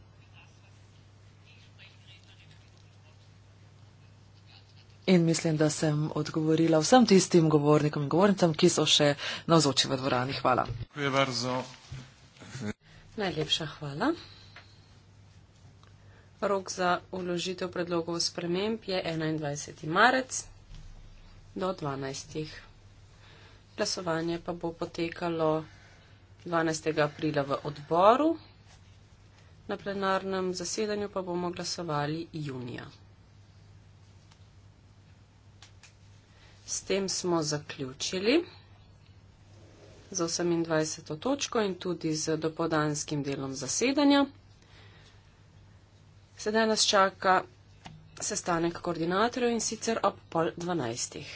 In mislim, da sem odgovorila vsem tistim govornikom in govornicam, ki so še navzoči v dvorani. Hvala. Najlepša hvala. Rok za uložitev predlogov sprememb je 21. marec do 12. Glasovanje pa bo potekalo 12. aprila v odboru, na plenarnem zasedanju pa bomo glasovali junija. S tem smo zaključili z 28. točko in tudi z dopodanskim delom zasedanja. Sedaj nas čaka sestanek koordinatorjev in sicer ob pol dvanajstih.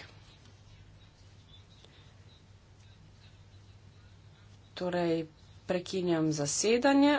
Torej, prekinjam zasedanje